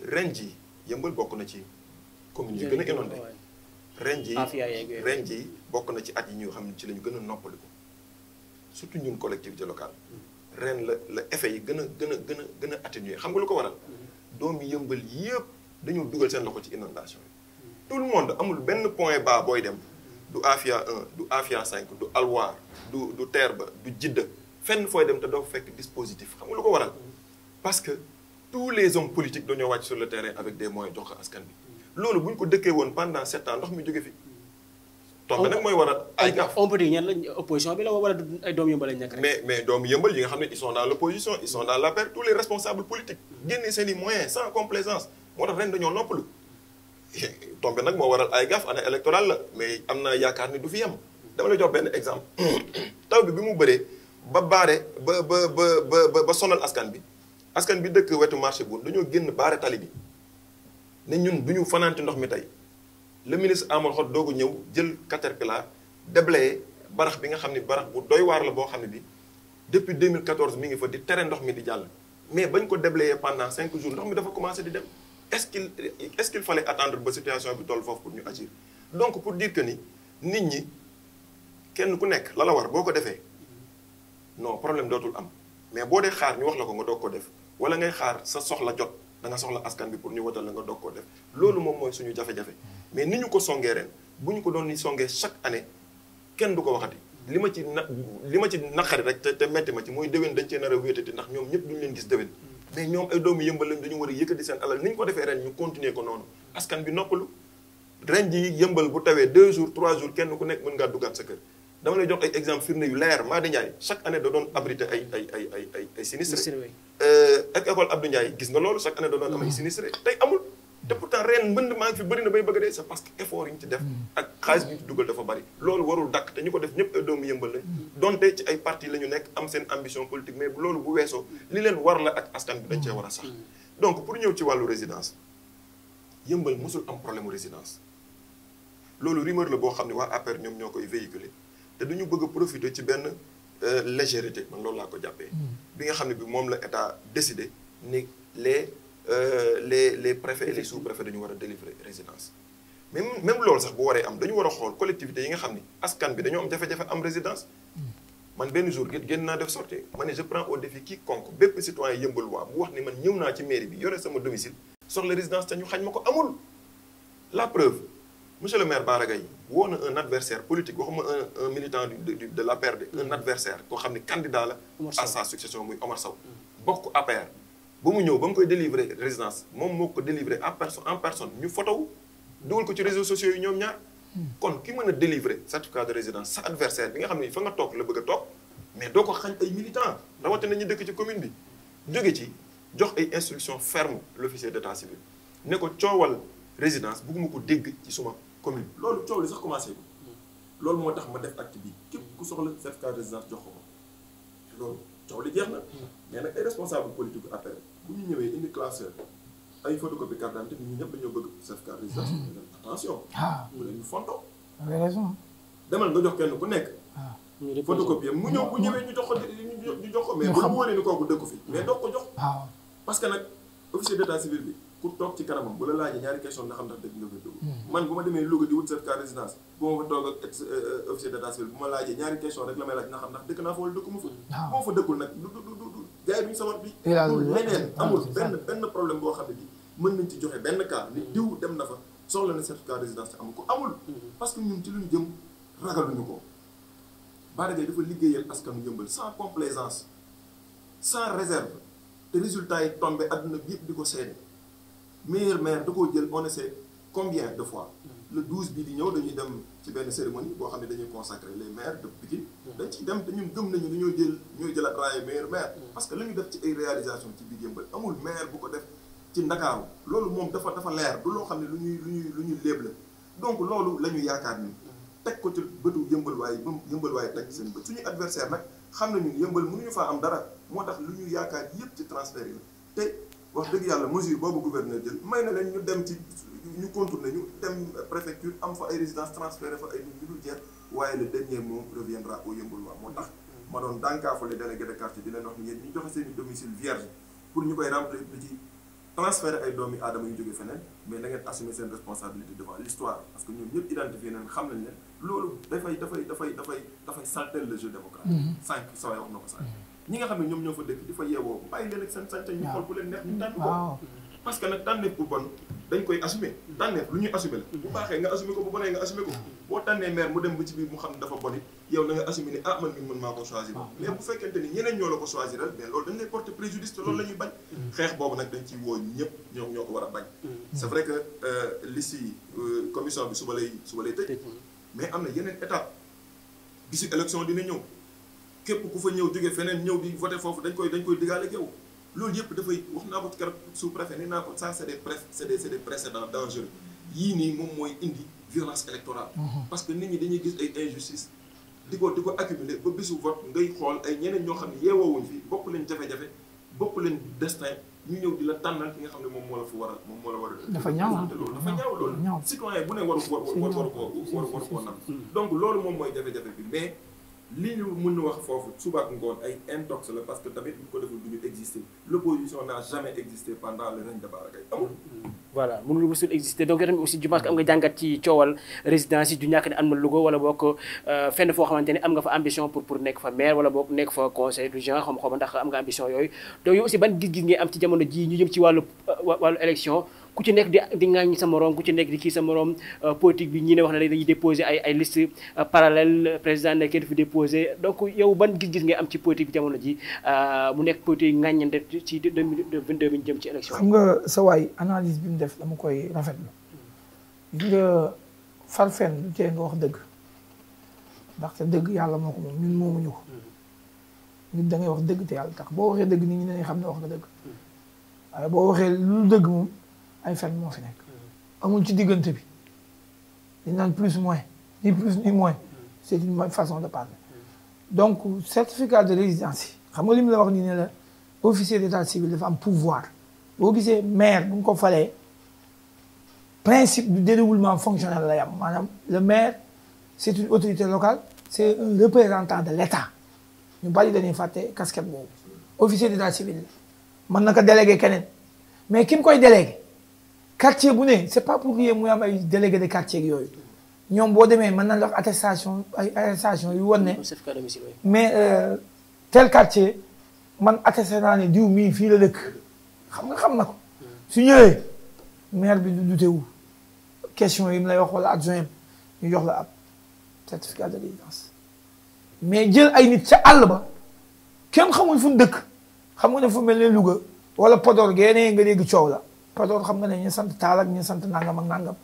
ren ji yëmbal bokk na ci commune yu gën a inondé ren ji ren ji bokk na ci at yi ñu xam ne ci lañu gën a noppaliku surtout ñun collectivité locale mm-hmm. ren la la effet yi gën a gën a gën a gën a atténuer xam nga lu ko waral mm-hmm. doomi yëmbal yëpp dañoo dugal seen loxo ci inondation yi mm-hmm. tout le monde amul benn point baa booy dem du Afia 1 du Afia cinq du Alwaar du du ba du Jidda fenn fooy dem te doo fekk dispositif xam nga lu ko waral parce que tous les hommes politiques dañoo wàcc sur le terrain avec des moyens jox ko askan bi loolu bu ñu ko dëkkee woon pendant sept ndox mi jóge fi. toog nag mooy waral ay gaaf on peut dire ñan la opposition bi la wala ay doom yëmbal lañ nekk rek. mais mais l' opposition ils sont dans l' APR tous seen i moyens sans complaisance moo tax ren dañoo noppalu. tombé nag moo waral ay gaaf année électorale la mais am naa yaakaar ni du fi yem. dama la jox benn exemple taw bi bi mu bëree ba baare ba ba ba ba sonal askan bi. askan bi dëkk wetu marché boobu dañoo génn baare tali bi ne ñun du ñu fanaan ci ndox mi tey le ministre Amar Khott doogu ñëw jël caterpillar déblayer barax bi nga xam ne barax bu doy waar la boo xam ne bi depuis 2014 mi ngi fa di tere ndox mi di jàll mais bañ ko déblayer pendant cinq jours ndox mi dafa commencé di dem est-ce qu'il est attendre ba situation bi toll foofu pour ñu agir donc pour dire que ni nit ñi kenn ku nekk la la war boo ko defee noo problème dootul am mais boo dee xaar ñu wax la ko nga doog ko def wala ngay xaar sa soxla jot danga nga soxla askan bi pour ñu watal la nga dog koo def loolu moom mooy suñu jafe-jafe mais ni ñu ko songee ren bu ñu ko doon ni songee chaque année kenn ko waxati li ma ci li ma ci naqari rek te te metti ci mooy déwén dañ cee a wéetati ndax ñoom ñëpp duñu leen gis déwén mais ñoom ay doomu yëmbal lañ dañu war a yëkkati seen alal ni ñu ko defee ren ñu continuer ko noonu askan bi noppalu ren ji yëmbal bu tawee deux jours trois jours kenn ku nekk mën ngaa duggaat sa kër dama lay jox ay exemple firnde yu leer Madi Ndiaye chaque année da doon abrité ay ay ay ay ay ay sinistré euh, ak gis nga loolu chaque année da doon am ay mm. sinistré tey amul te pourtant ren mbënd maa ngi fi bëri na bay bëgg de dee parce que effort yi ñu ci def mm. ak xaalis bi ñu ci dugal dafa bëri loolu warul dakk te ñu ko def ñëpp ay doomu yëmbal lañ mm. donte ci ay parti la ñu nekk am seen ambition politique mais loolu bu weesoo li leen war la ak askan dañ cee war a sax donc pour ñëw wàllu résidence yëmbal mosul am problème résidence loolu rumeur la boo xam ne waa APR ñoom ñoo koy véhiculer te du ñu bëgg a ci benn euh, légèreté man loolu laa ko jàppee. Hmm. bi nga xam ne bi moom la état décidé ni les euh, les les préfets les sous-préfets dañu war a délivrer résidence. même même loolu sax bu waree am dañu war a xool collectivité yi nga xam ni askan bi dañoo am jafe-jafe am résidence. Hmm. man benn jour gi génn naa def sorti ma ne je prends au défi quiconque bépp citoyen yëmbal waa bu wax ni man ñëw naa ci mairie bi yore sama domicile soxla résidence te ñu xañ ma ko amul la preuve. monsieur le maire Bara Gaye woo un adversaire politique waxuma un militant de de l'APR un adversaire koo xam ne candidat la. à sa succession muy Omar Sow. Mm. bokk APR ba mu ñëw ba mu koy délivrer résidence moom moo ko délivrer en personne en personne ñu fotow dugal ko ci réseaux sociaux yi ñoom ñaar. Mm. kon ki mën a délivrer certificat de résidence sa adversaire bi nga xam ni fa nga toog la bëgg a toog mais doo ko xañ ay militants rawatina ñu dëkk ci commune ci jox ay instructions fermes l'officier d'état civil ne ko coowal résidence bëgguma ko dégg ci suma. commune loolu coow li sax commencé ko loolu moo tax ma def acte bi képp ku soxla certificat de résidence jox ko ma loolu coow li jeex na mais nag ay responsable politique bu APR bu ñu ñëwee indi classeur ay photocopie carte d'identité ñun ñëpp dañoo bëgg certificat de résidence hmm. attention ah. mu leen ñu fonto demal nga jox kenn ku nekk ah. photocopie mu ñëw bu ñëwee ñu jox ko ñu jox ko mais bu ñu wóoree ni kooku dëkku fi mais hmm. doo ko jox ah. parce que nag officier d'état civil bi ku toog ci kanamam bu la laajee ñaari question na xam ndax dëgg nga koy dëgg hmm. euh, euh, ma laajee ñaari question rek la may laaj nga dëkk naa fa wala dëkku fa boo fa dëkkul nag du du du gars duñu sawar bi leneen amul benn benn problème boo xam ne bi mën nañ ci joxe benn cas ni diw dem na fa soxla na certificat de résidence amu ko amul hmm. parce que ñun ci luñu jëm ragaluñu ko Bara Gaye dafa liggéeyal askanu yëmbal sans complaisance sans réserve te résultat yi tombé adduna bi yëpp di ko seede meilleur maire da koo jël on essaie combien de fois mm. le 12 bii di ñëw dañuy dem ci benn cérémonie boo xam ne dañuy consacrer les maires de Pikine mm. dañ ciy dem dañu gëm nañu ni ñoo jël ñooy jëlaat waaye meilleur maire mm. parce que la ñu def ci ay réalisation ci biir yëmbal amul maire bu ko def ci Ndakaaru loolu moom dafa dafa leer du loo xam ne lu ñuy lu ñuy lu ñuy léeb la donc loolu la ñu yaakaar ni teg ko ci bëtu yëmbal waaye ba yëmbal waaye teg seen bët suñu adversaire nag xam nañu yëmbal mënuñu faa am dara moo tax lu ñu yaakaar yëpp ci transfert yi te wax dëgg yàlla mesure boobu gouverneur jël may na leen ñu dem ci ñu contourner ñu dem préfecture am fa ay résidence transféré fa ay nit ñu dul jeex waaye le dernier mot reviendra au Yeumbeul waa moo tax ma doon dànkaafale délégué de quartier di leen wax ni yéen ñu joxe seeni domicile vierge pour ñu koy remplir di ci transféré ay doomi aadama yu jógee feneen mais na ngeen assumer seen responsabilité devant l'histoire parce que ñoom ñëpp identifié nañ xam nañ leen loolu dafay dafay dafay dafay dafay saltel le jeu démocratique mm-hmm. sànq saway wax ñi nga xam ne ñoom ñoo fa dëkk di fa yeewoo bàyyi leen ak sañ sañ ñu xool bu leen neex ñu tànn ko parce que nag tànneef bu bon dañ koy assumer tànneef lu ñuy assumer la bu baaxee nga assumer ko bu bonee nga assumer ko boo tànnee maire mu dem ba ci biir mu xam ne dafa bon it yow na nga assumer ni ah man mi mën maa ko choisir mais bu fekkente ni ñeneen ñoo la ko choisiral mais loolu dañ lay porter préjudice te loolu la bañ mm. xeex boobu nag dañ ciy woo ñëpp ñoo ko war a bañ mm. c'est vrai que euh, liste euh, am na yeneen étape bisu élection dina ñëw képp ku fa ñëw jóge feneen ñëw bi voté foofu dañ koy dañ koy digaale ak yow loolu yëpp dafay wax naa ko ci keroog sous préfet nee naa ko ça c'est des pré c'est des nii moom mooy indi violence électorale parce que nit ñi dañuy gis ay injustice di ko di ko accumuler ba bisu vote ngay xool ay ñeneen ñoo xam ne yeewoowuñ fi bokk leen jafe-jafe bokk leen destin ñu ñëw di la tànnal ki nga xam ne moom moo la fa war a moom moo la war a dafa ñaaw loolu dafa ñaaw loolu citoyen bu ne waru ko moom mooy jafe-jafe bi mais li ñu mën na wax foofu suba ak ngoon ay intox la parce que tamit bu ko deful du ñu existé l'opposition n'a jamais existé pendant le règne de Bara Gaye amul. voilà mënul mësul donc yow tamit aussi je pense que am nga jàngat ci coowal résidence yi du ñàkk ne am na Louga wala boog euh, fenn foo xamante ne am nga fa ambition pour pour nekk fa maire wala boog nekk fa conseil du genre xam-xam ndax am nga ambition yooyu donc yow aussi ban gis-gis ngay am ci jamono jii ñu jëm ci wàllu euh, wàllu élection. ku ci nekk di di ŋàññi sa moroom ku ci nekk di kii sa moroom euh, politique bi ñi ne wax na dañuy déposé ay ay list euh, parallèle euh, président ne kenn fi déposé donc yow ban gis-gis ngay am ci politique bi jamono ji mu nekk politique ŋàññante ci 2022 bi ñu jëm ci élection xam nga sa waay analyse bi mu def dama koy rafet rafetlu gis nga farfen du tee nga wax dëgg ndax ndaxte dëgg yàlla moo ko moom ñun moomuñu ko nit da ngay wax dëgg te yàlla tax boo waxee dëgg nit ne dañuy xam ne wax nga dëgg hmm. boo waxee lu dëgg moom ay fen moo fi nekk amul ci diggante bi dañ naan plus moins ni plus ni moins c'est une façon de parler donc certificat de résidence yi xam nga li mu la wax nii ne la officier d'état civil dafa am pouvoir boo gisee maire bu ñu ko falee principe du déroulement fonctionnel la yam maanaam le maire c'est une autorité locale c'est un représentant de l'État ñu bari dañuy fàtte casquette boobu officier d'état civil mën na ko délégué keneen mais ki mu koy délégué quartier bu ne c'est pas pour rien muy am ay délégué de quartier yooyu ñoom boo demee mën na la wax attestation ay attestation yu wan ne mais euh, tel quartier man attesté naa ne diw mii fii la dëkk xam nga xam na ko su ñëwee maire bi du dutewu question yi mu lay wax wala adjoint ñu jox la ab certificat de résidence mais jël ay nit ca àll ba kenn xamul fu mu dëkk xam nga ne fu mel ne Louga wala Podor geenee nga dégg coow la parce que xam nga ne ñu sant taal ak ñu sant nangam ak nangam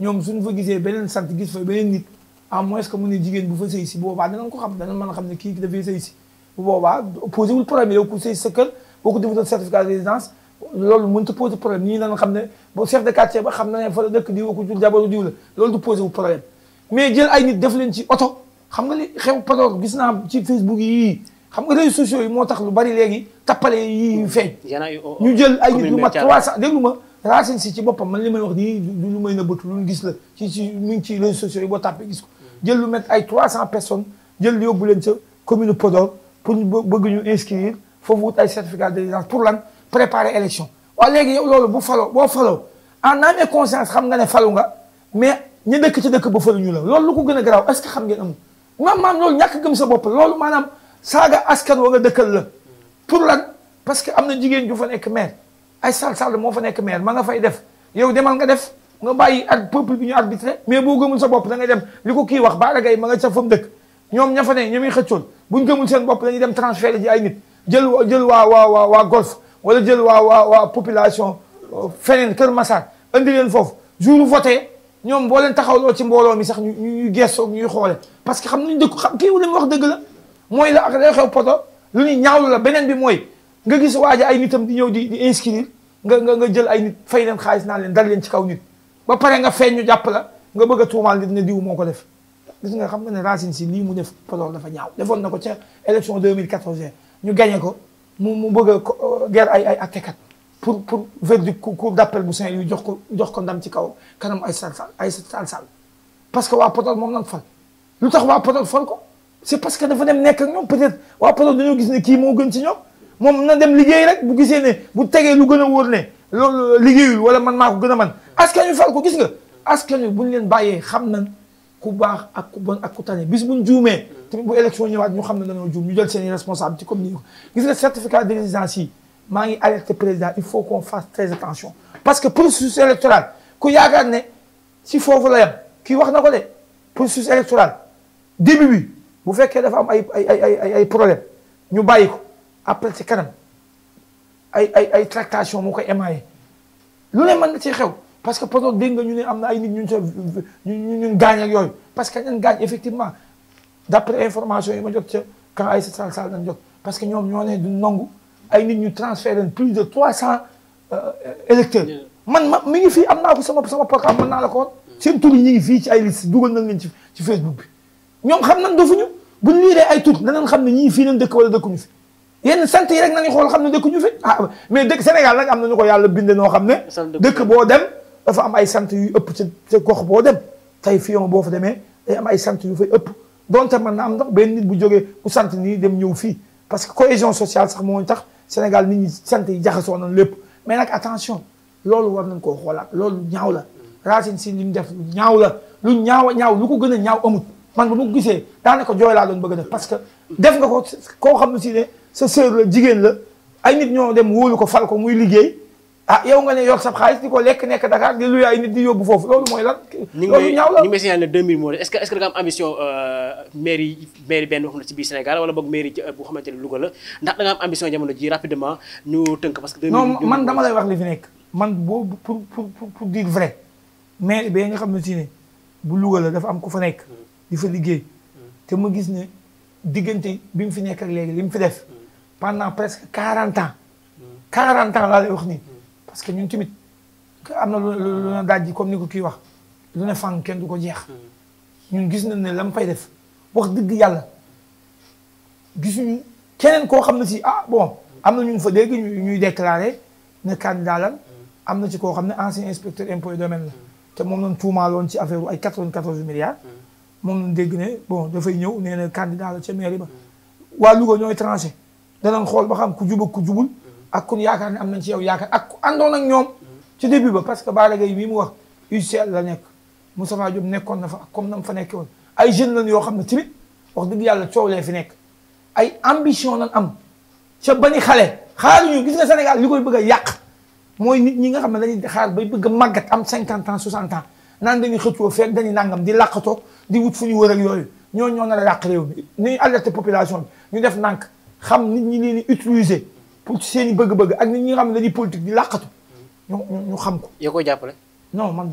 ñoom suñu fa gisee beneen sant gis fa beneen nit à moins que mu ne jigéen bu fa sëy si a xam ne kii dafay sëy si bu boobaa posé wul problème yow ku sëy sa kër boo ko defutoon certificat de résidence loolu mënut a problème ñii dañu xam ne ba chef de quartier ba xam na ne fa la dëkk diw ko jur jabaru diw la loolu du posé wul problème mais jël ay nit def oto xam nga li xew Podor gis naa ci Facebook xam nga réseaux sociaux moo tax lu bari léegi tappale yi feeñ. ñu jël ay nit yu mat trois cent déglu ma racine si ci boppam man li may wax nii du lu may nëbbatu lu ñu gis la ci ci mu ngi ci réseaux sociaux yi boo tàppee gis ko. jël lu met ay trois cent personnes jël yóbbu leen sa commune Podor pour bëgg ñu inscrire foofu wut ay certificat de résidence pour lan préparer élection. waaw léegi yow loolu bu faloo boo faloo en âme et conscience xam nga ne falu nga mais ñu dëkk ci dëkk ba faluñu la loolu lu ko gën a garaaw est ce que xam ngeen amul maanaam loolu ñàkk sa bopp loolu maanaam saaga askan wa nga dëkkal la. pour lan parce que am na jigéen ju fa nekk maire ay sal sal moo fa nekk maire ma nga fay def yow demal nga def nga bàyyi ak peuple bi ñu arbitré mais boo gëmul sa bopp da dem li ko kii wax Balla Gaye ma nga ca fa mu dëkk ñoom ña fa ne ñoom ñuy xëccoon buñ gëmul seen bopp dañuy dem transféré ji ay nit jël jël waa waa waa waa golf wala jël waa waa waa population euh, feneen Kër Massar andi leen foofu jour voté ñoom boo leen taxawloo ci mbooloo mi sax ñu ñu gëstoo ñuy xoole parce que xam nañu dëkk xam kii wu wax dëgg la mooy la ak lay xew lu ñuy ñaawlu la beneen bi mooy nga gis waa ji ay nitam di ñëw di di inscrire nga nga nga jël ay nit fay leen xaalis naa leen dal leen ci kaw nit ba pare nga feeñ ñu jàpp nga bëgg a tuumaal nit ne diw moo ko def gis nga xam nga ne Racine si lii mu def Podor dafa ñaaw defoon na ko de ca élection 2014 ñu gagné ko mu mu bëgg a euh, ger ay ay attekat pour pour verdict cour d'appel bu Saint-Louis jox ko jox ko ndam ci kaw kanam ay sal ay sal sal parce que waa Podor moom lañ fal lu tax waa Podor ko c'est parce que dafa dem nekk ak ñoom peut-être waa peut-être gis ne kii moo gën ci ñoom moom na dem liggéey rek bu gisee ne bu tegee lu gën a wóor ne loolu liggéeyul wala man maa ko gën a man askan wi fal ko gis nga askan wi bu ñu leen bàyyee xam nan ku baax ak ku bon ak ku tane bis buñ juumee te bu élection ñëwaat ñu xam ne dañoo juum ñu jël seen i responsabilité comme ni gis nga certificat de résidence yi maa ngi alerté président il faut qu'on fasse très attention parce que processus électoral ku yaakaar ne si foofu la yem kii wax na ko de processus électoral début bi bu fekkee dafa am ay ay ay ay ay problème ñu bàyyi ko après ci kanam ay ay ay tractation moo ko émaillé lu ne mën na ci xew parce que peut-être dégg nga ñu ne am na ay nit ñun sa ñu ñun gaañ ak yooyu parce que ñun gaañ effectivement d'après information yi ma jot ca quand ay sa sal nañ jot parce que ñoom ñoo ne du nangu ay nit ñu transféré plus de trois cent euh, électeurs man ma mi ngi fii am naa ko sama sama programme mën naa la ko woon seen tur yi fii ci ay liste dugal nañ leen ci ci Facebook bi ñoom xam na nañ bu buñ liiree ay tur danañ xam ne ñii fii nañ dëkk wala dëkkuñu fi yenn sant yi rek nañu xool xam ne dëkkuñu fi ah mais dëkk Sénégal nag am nañu ko yàlla binde noo xam ne dëkk boo dem dafa am ay sant yu ëpp ca gox boo dem tey Fillon boo fa demee am ay sant yu fay ëpp ta man na am ndax benn nit bu jógee ku sant nii dem ñëw fii parce que cohésion social sax moo tax Sénégal nit ñi sant yi jaxasoo nañ lépp mais nag attention loolu war nañ koo xoolaat loolu ñaaw la Racine Sy li mu def lu ñaaw la lu ñaaw ñaaw lu ko gën a ñaaw amut man bu ma ko gisee daanaka jooy laa doon bëgg a parce que def nga ko koo xam ne si ne sa sœur la jigéen la ay nit ñoo dem wóolu ko fal ko muy liggéey ah yaw nga ne yor sab xaalis di ko lekk nekk Dakar di luy ay nit di yóbbu foofu loolu mooy la ñu ñu ngi benn boo ci biir Sénégal wala boog mairie euh, bu xamante ne Louga la ndax da nga am ambition jamono ji rapidement ñu tënk parce que. 2000 non man dama lay wax li fi nekk man boo pour pour pour dire vrai mairie bi nga xam ne si bu Louga la dafa am ku fa nekk di fa liggéey mm. te ma gis ne diggante bi mu fi nekk ak léegi li mu fi def mm. pendant presque quarante ans mm. quarante ans laa lay wax ni parce que ñun tamit am na lu na daaj comme ni ko kii wax lu ne fànn kenn du ko jeex ñun gis nañ ne la mu fay def wax dëgg yàlla gis gisuñu keneen koo xam ne si a ah, bon am na ñu fa dégg ñuy déclaré ne candidat lan am na ci koo xam ne ancien inspecteur impôt domaine te moom lañ tuumaaloon ci affaire ay 94 milliards moom lañ dégg ne bon dafay ñëw nee na candidat la ca mairie ba waa Louga ñooy tranché danañ xool ba xam ku jub ak ku mm-hmm. ak kun yaakaar ne am nañ ci yow yaakaar ak ku àndoon ak ñoom mm-hmm. ci début ba parce que Balla Gaye mii mu wax UCL la nekk Moustapha Diop nekkoon na fa ak comme na mu fa nekkee woon ay jeunes lañ yoo xam ne tamit wax dëgg yàlla coow lee fi nekk ay ambition lañ am ca bani xale xaaruñu gis nga Sénégal li koy bëgg a yàq mooy nit ñi nga xam ne dañuy xaar bay bëgg a màggat am cinquante ans soixante ans naan dañuy xëccoo fekk dañuy nangam di làqatoo di wut fu ñu wër ak yooyu ñoo ñoo nar a yàq réew mi nañu alerté population bi ñu def nànk xam nit ñi leen ni utiliser pour seen i bëgg-bëgg ak nit ñi xam ne dañuy politique di làqatu ñu ñu xam ko. yoo koy jàppale. non man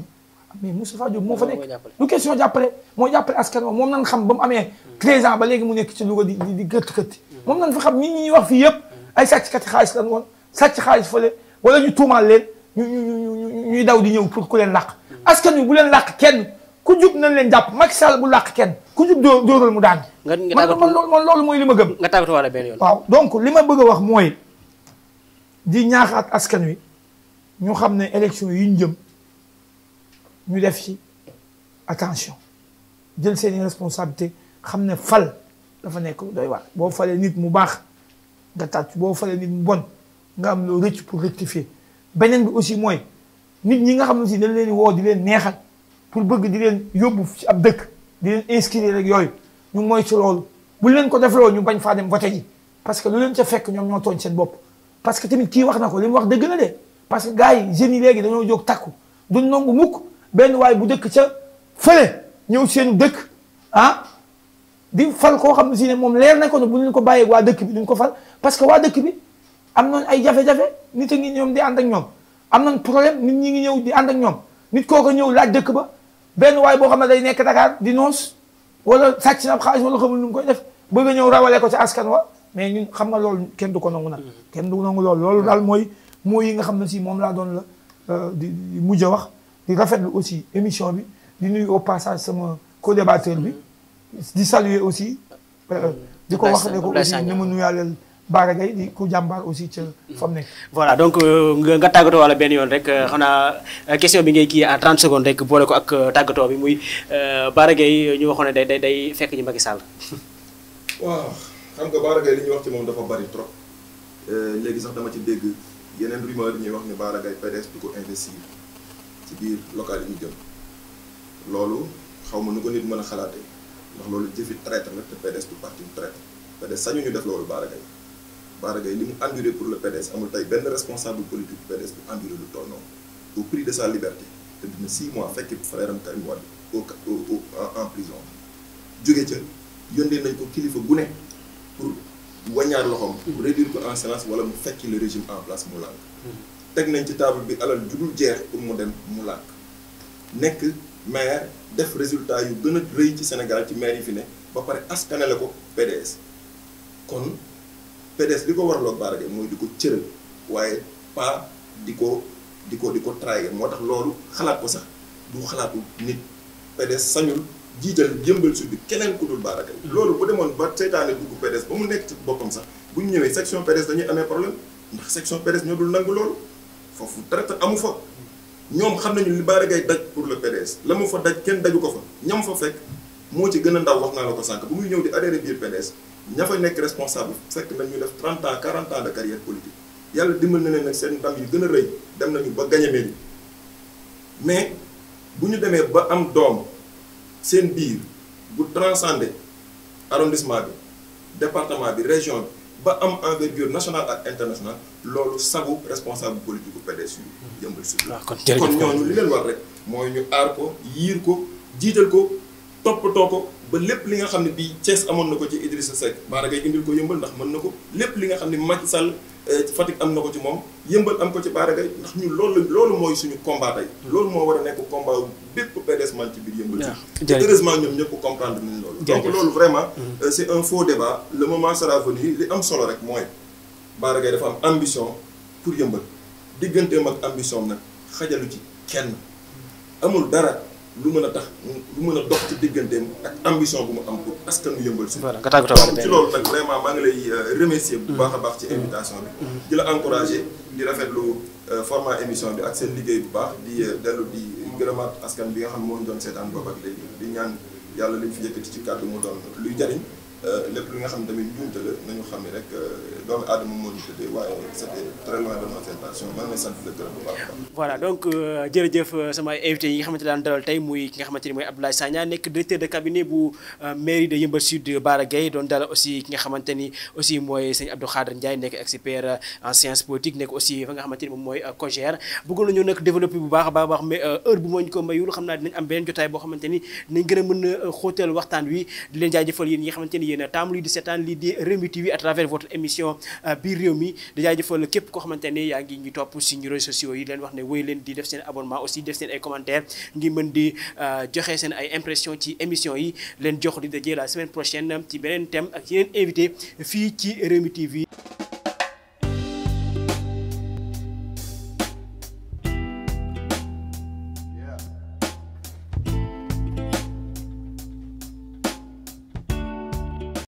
mais Moustapha Diop moo fa nekk lu question jàppale moo jàppale askan moom nan xam ba mu amee 13 mm. ans ba léegi mu nekk ci Louga di di gëtt gëtt mm. moom nan fa xam ñi ñuy wax fii yëpp mm. ay sàcckati xaalis lan woon sàcc xaalis fële wala ñu tuumaal leen ñu ñu ñu ñuy daw di ñëw pour ku leen làq askan wi bu leen làq kenn ku jub nañ leen jàpp Macky Sall bu làq kenn ku jub dóor dóoral mu daan. nga nga man man loolu mooy li ma gëm. nga tàggatoo wala benn li ma bëgg a wax mooy di ñaaxaat askan wi ñu xam ne élection yi ñu jëm ñu def ci attention jël seeni responsabilité xam ne fal dafa nekk doy waar boo falee nit mu baax ga tàcc boo falee nit mu bon nga am loo rëcc pour rectifier beneen bi aussi mooy. nit ñi nga xam ne si dañ leen woo di leen neexal pour bëgg di leen yóbbu ci ab dëkk di leen inscrire rek yooyu ñu mooy ci loolu bu leen ko defloo ñu bañ faa dem voté ji parce que lu leen ca fekk ñoom ñoo tooñ seen bopp parce que tamit kii wax na ko li wax dëgg la de parce que gars yi jeunes yi léegi dañoo jóg takku duñ nangu mukk benn waay bu dëkk ca fële ñëw seen dëkk ah di fal koo xam ne si ne moom leer na ko ne bu ñu ko bàyyee waa dëkk bi duñ ko fal parce que waa dëkk bi am nañ ay jafe-jafe nit a ngi ñoom di ànd ak ñoom am nañ problème nit ñi ngi ñëw di ànd ak ñoom nit kooku ñëw laaj dëkk ba benn waay boo xam ne day nekk Dakar di noos wala sàcc na ab xaalis wala xamul nu mu koy def ba a ñëw rawalee ko ci askan wa mais ñun xam nga loolu kenn du ko nangu nag. Mm-hmm. kenn du nangu lool loolu daal mooy mooy yi nga xam ne si moom laa doon la euh, di di a wax di rafet rafetlu aussi émission bi di nuy au passage sama co-débatteur bi mm-hmm. di saluer aussi. Euh, di ko wax ne ko aussi ni mu nuyaaleel. Bara Gaye di ku jàmbaar aussi ca fa mu nekk. voilà donc euh, nga tàggatoo wala benn yoon rek euh, xanaa euh, question bi ngay kii à 30 secondes rek boole ko ak tàggatoo bi muy Bara Gaye ñu waxoon ne day day day fekk ñu Macky Sall. waaw xam nga Bara Gaye li ñuy wax ci moom dafa bari trop léegi sax dama ci dégg yeneen rumeur ñuy wax ne Bara Gaye PDS du ko investir ci biir local yi ñu jëm loolu xaw ma nu ko nit mën a xalaatee ndax loolu jëfi traître la te PDS du parti traître PDS sañu ñu def loolu Bara Gaye Bara Gaye li mu enduré pour le PDS amul tey benn responsable politique PDS bu enduré lu toll noonu au prix de sa liberté te dina 6 mois fekk frère am Karim Wade au en prison jóge ca yónnee nañ ko kilifa gu ne pour wañaar loxoom pour réduire ko en silence wala mu fekki le régime en place mu lànk teg nañ ci table bi alal ju dul jeex pour mu dem mu lànk nekk maire def résultat yu gën a rëy ci Sénégal ci maire yi fi ne ba pare askanale ko PDS kon PDS li ko waraloon Bara Gaye mooy di ko cëral waaye pas di ko di ko di ko trahir moo tax loolu xalaat ko sax du xalaatu nit PDS sañul jiital jëmbal suuf bi keneen ku dul Bara mm-hmm. loolu bu demoon ba seytaane dugg PDS ba mu nekk ci boppam sax bu ñu ñëwee section PDS dañuy amee problème ndax section PDS ñoo dul nangu foofu traite amu fa ñoom xam nañu li Bara Gaye daj pour le PDS la mu fa daj kenn daju ko fa ñam fa fekk moo ci gën a ndaw wax naa la ko sànq bu muy ñëw di adhéré biir PDS ña fa nekk responsable fekk nañ ñu def 30 ans 40 ans de carrière politique yàlla dimbal na leen nag seen ndam yu gën a rëy dem nañu ba gañe mairie mais bu ñu demee ba am doom seen biir bu transcender arrondissement bi département bi région bi ba am envergure national ak internationale loolu sagu responsable politique bu PDS yu yëmbal si ah, kon ñooñu li leen war rek mooy ñu aar ko yiir ko jiital ko toppatoo ko ba lépp li nga xam ne bii Thiès amoon na ko ci Idrissa Seck Baara Gaye indil ko yëmbal ndax mën na ko lépp li nga xam ne Macky Sall euh, Fatick am na ko ci moom yëmbal am ko ci Baara Gaye ndax ñun loolu loolu mooy suñu combat hmm. loolu moo war a nekk combat bépp PDS man ci biir yëmbal ci heureusement ñoom ñëpp comprendre nañ loolu donc loolu vraiment hmm. euh, c'est un faux débat le moment sera venu li am solo rek mooy Baara Gaye dafa am ambition pour yëmbal digganteem ak ambition nag xajalu ci kenn dara lu mën a tax lu mën a dox ci digganteem ak ambition bu mu am pour askanu yëmbal si voilà nga tàggatoo ci loolu nag vraiment maa ngi lay euh, remercier bu baax a baax ci mm-hmm. invitation bi mm-hmm. di la encourager di rafetlu euh, format émission bi ak seen liggéey bu baax di euh, dellu di gërëmaat askan bi nga xam ne moo ñu doon seetaan boobu ak léegi di ñaan yàlla li fi yëkkati ci kàddu mu doon luy jariñ Euh, lépp li nga xam ne tamit njuumte la nañu xam ni rek euh, a baax. voilà donc euh, jërëjëf sama invité yi nga xamante ki nga xamante ni mooy Abdoulaye Sagna nekk directeur de cabinet bu mairie de Yeumbeul Sud Bara doon dalal aussi ki nga xamante ni aussi mooy sëñ Abdou Khadre Ndiaye nekk expert en sciences politiques nekk aussi fa nga xamante ni moom mooy COJER bëggoon nañu nag développer bu baax a baax baax mais heure bu mooñ ko mayul xam naa dinañ am beneen jotaay boo xamante ni dinañ gën a mën a xóotal waxtaan wi di ni yéen a taamu lii di seetaan lii di Rewmi TV à travers votre émission euh, biir réew mi di jaajëfal képp koo xamante ne yaa ngi ñu topp suñu réseaux sociaux yi leen wax ne wéy leen di def seen abonnement aussi def seen ay commentaires ngi mën di euh, joxe seen ay impression ci émission yi leen jox di dajee la semaine prochaine ci beneen thème ak yeneen invité fii ci Rewmi TV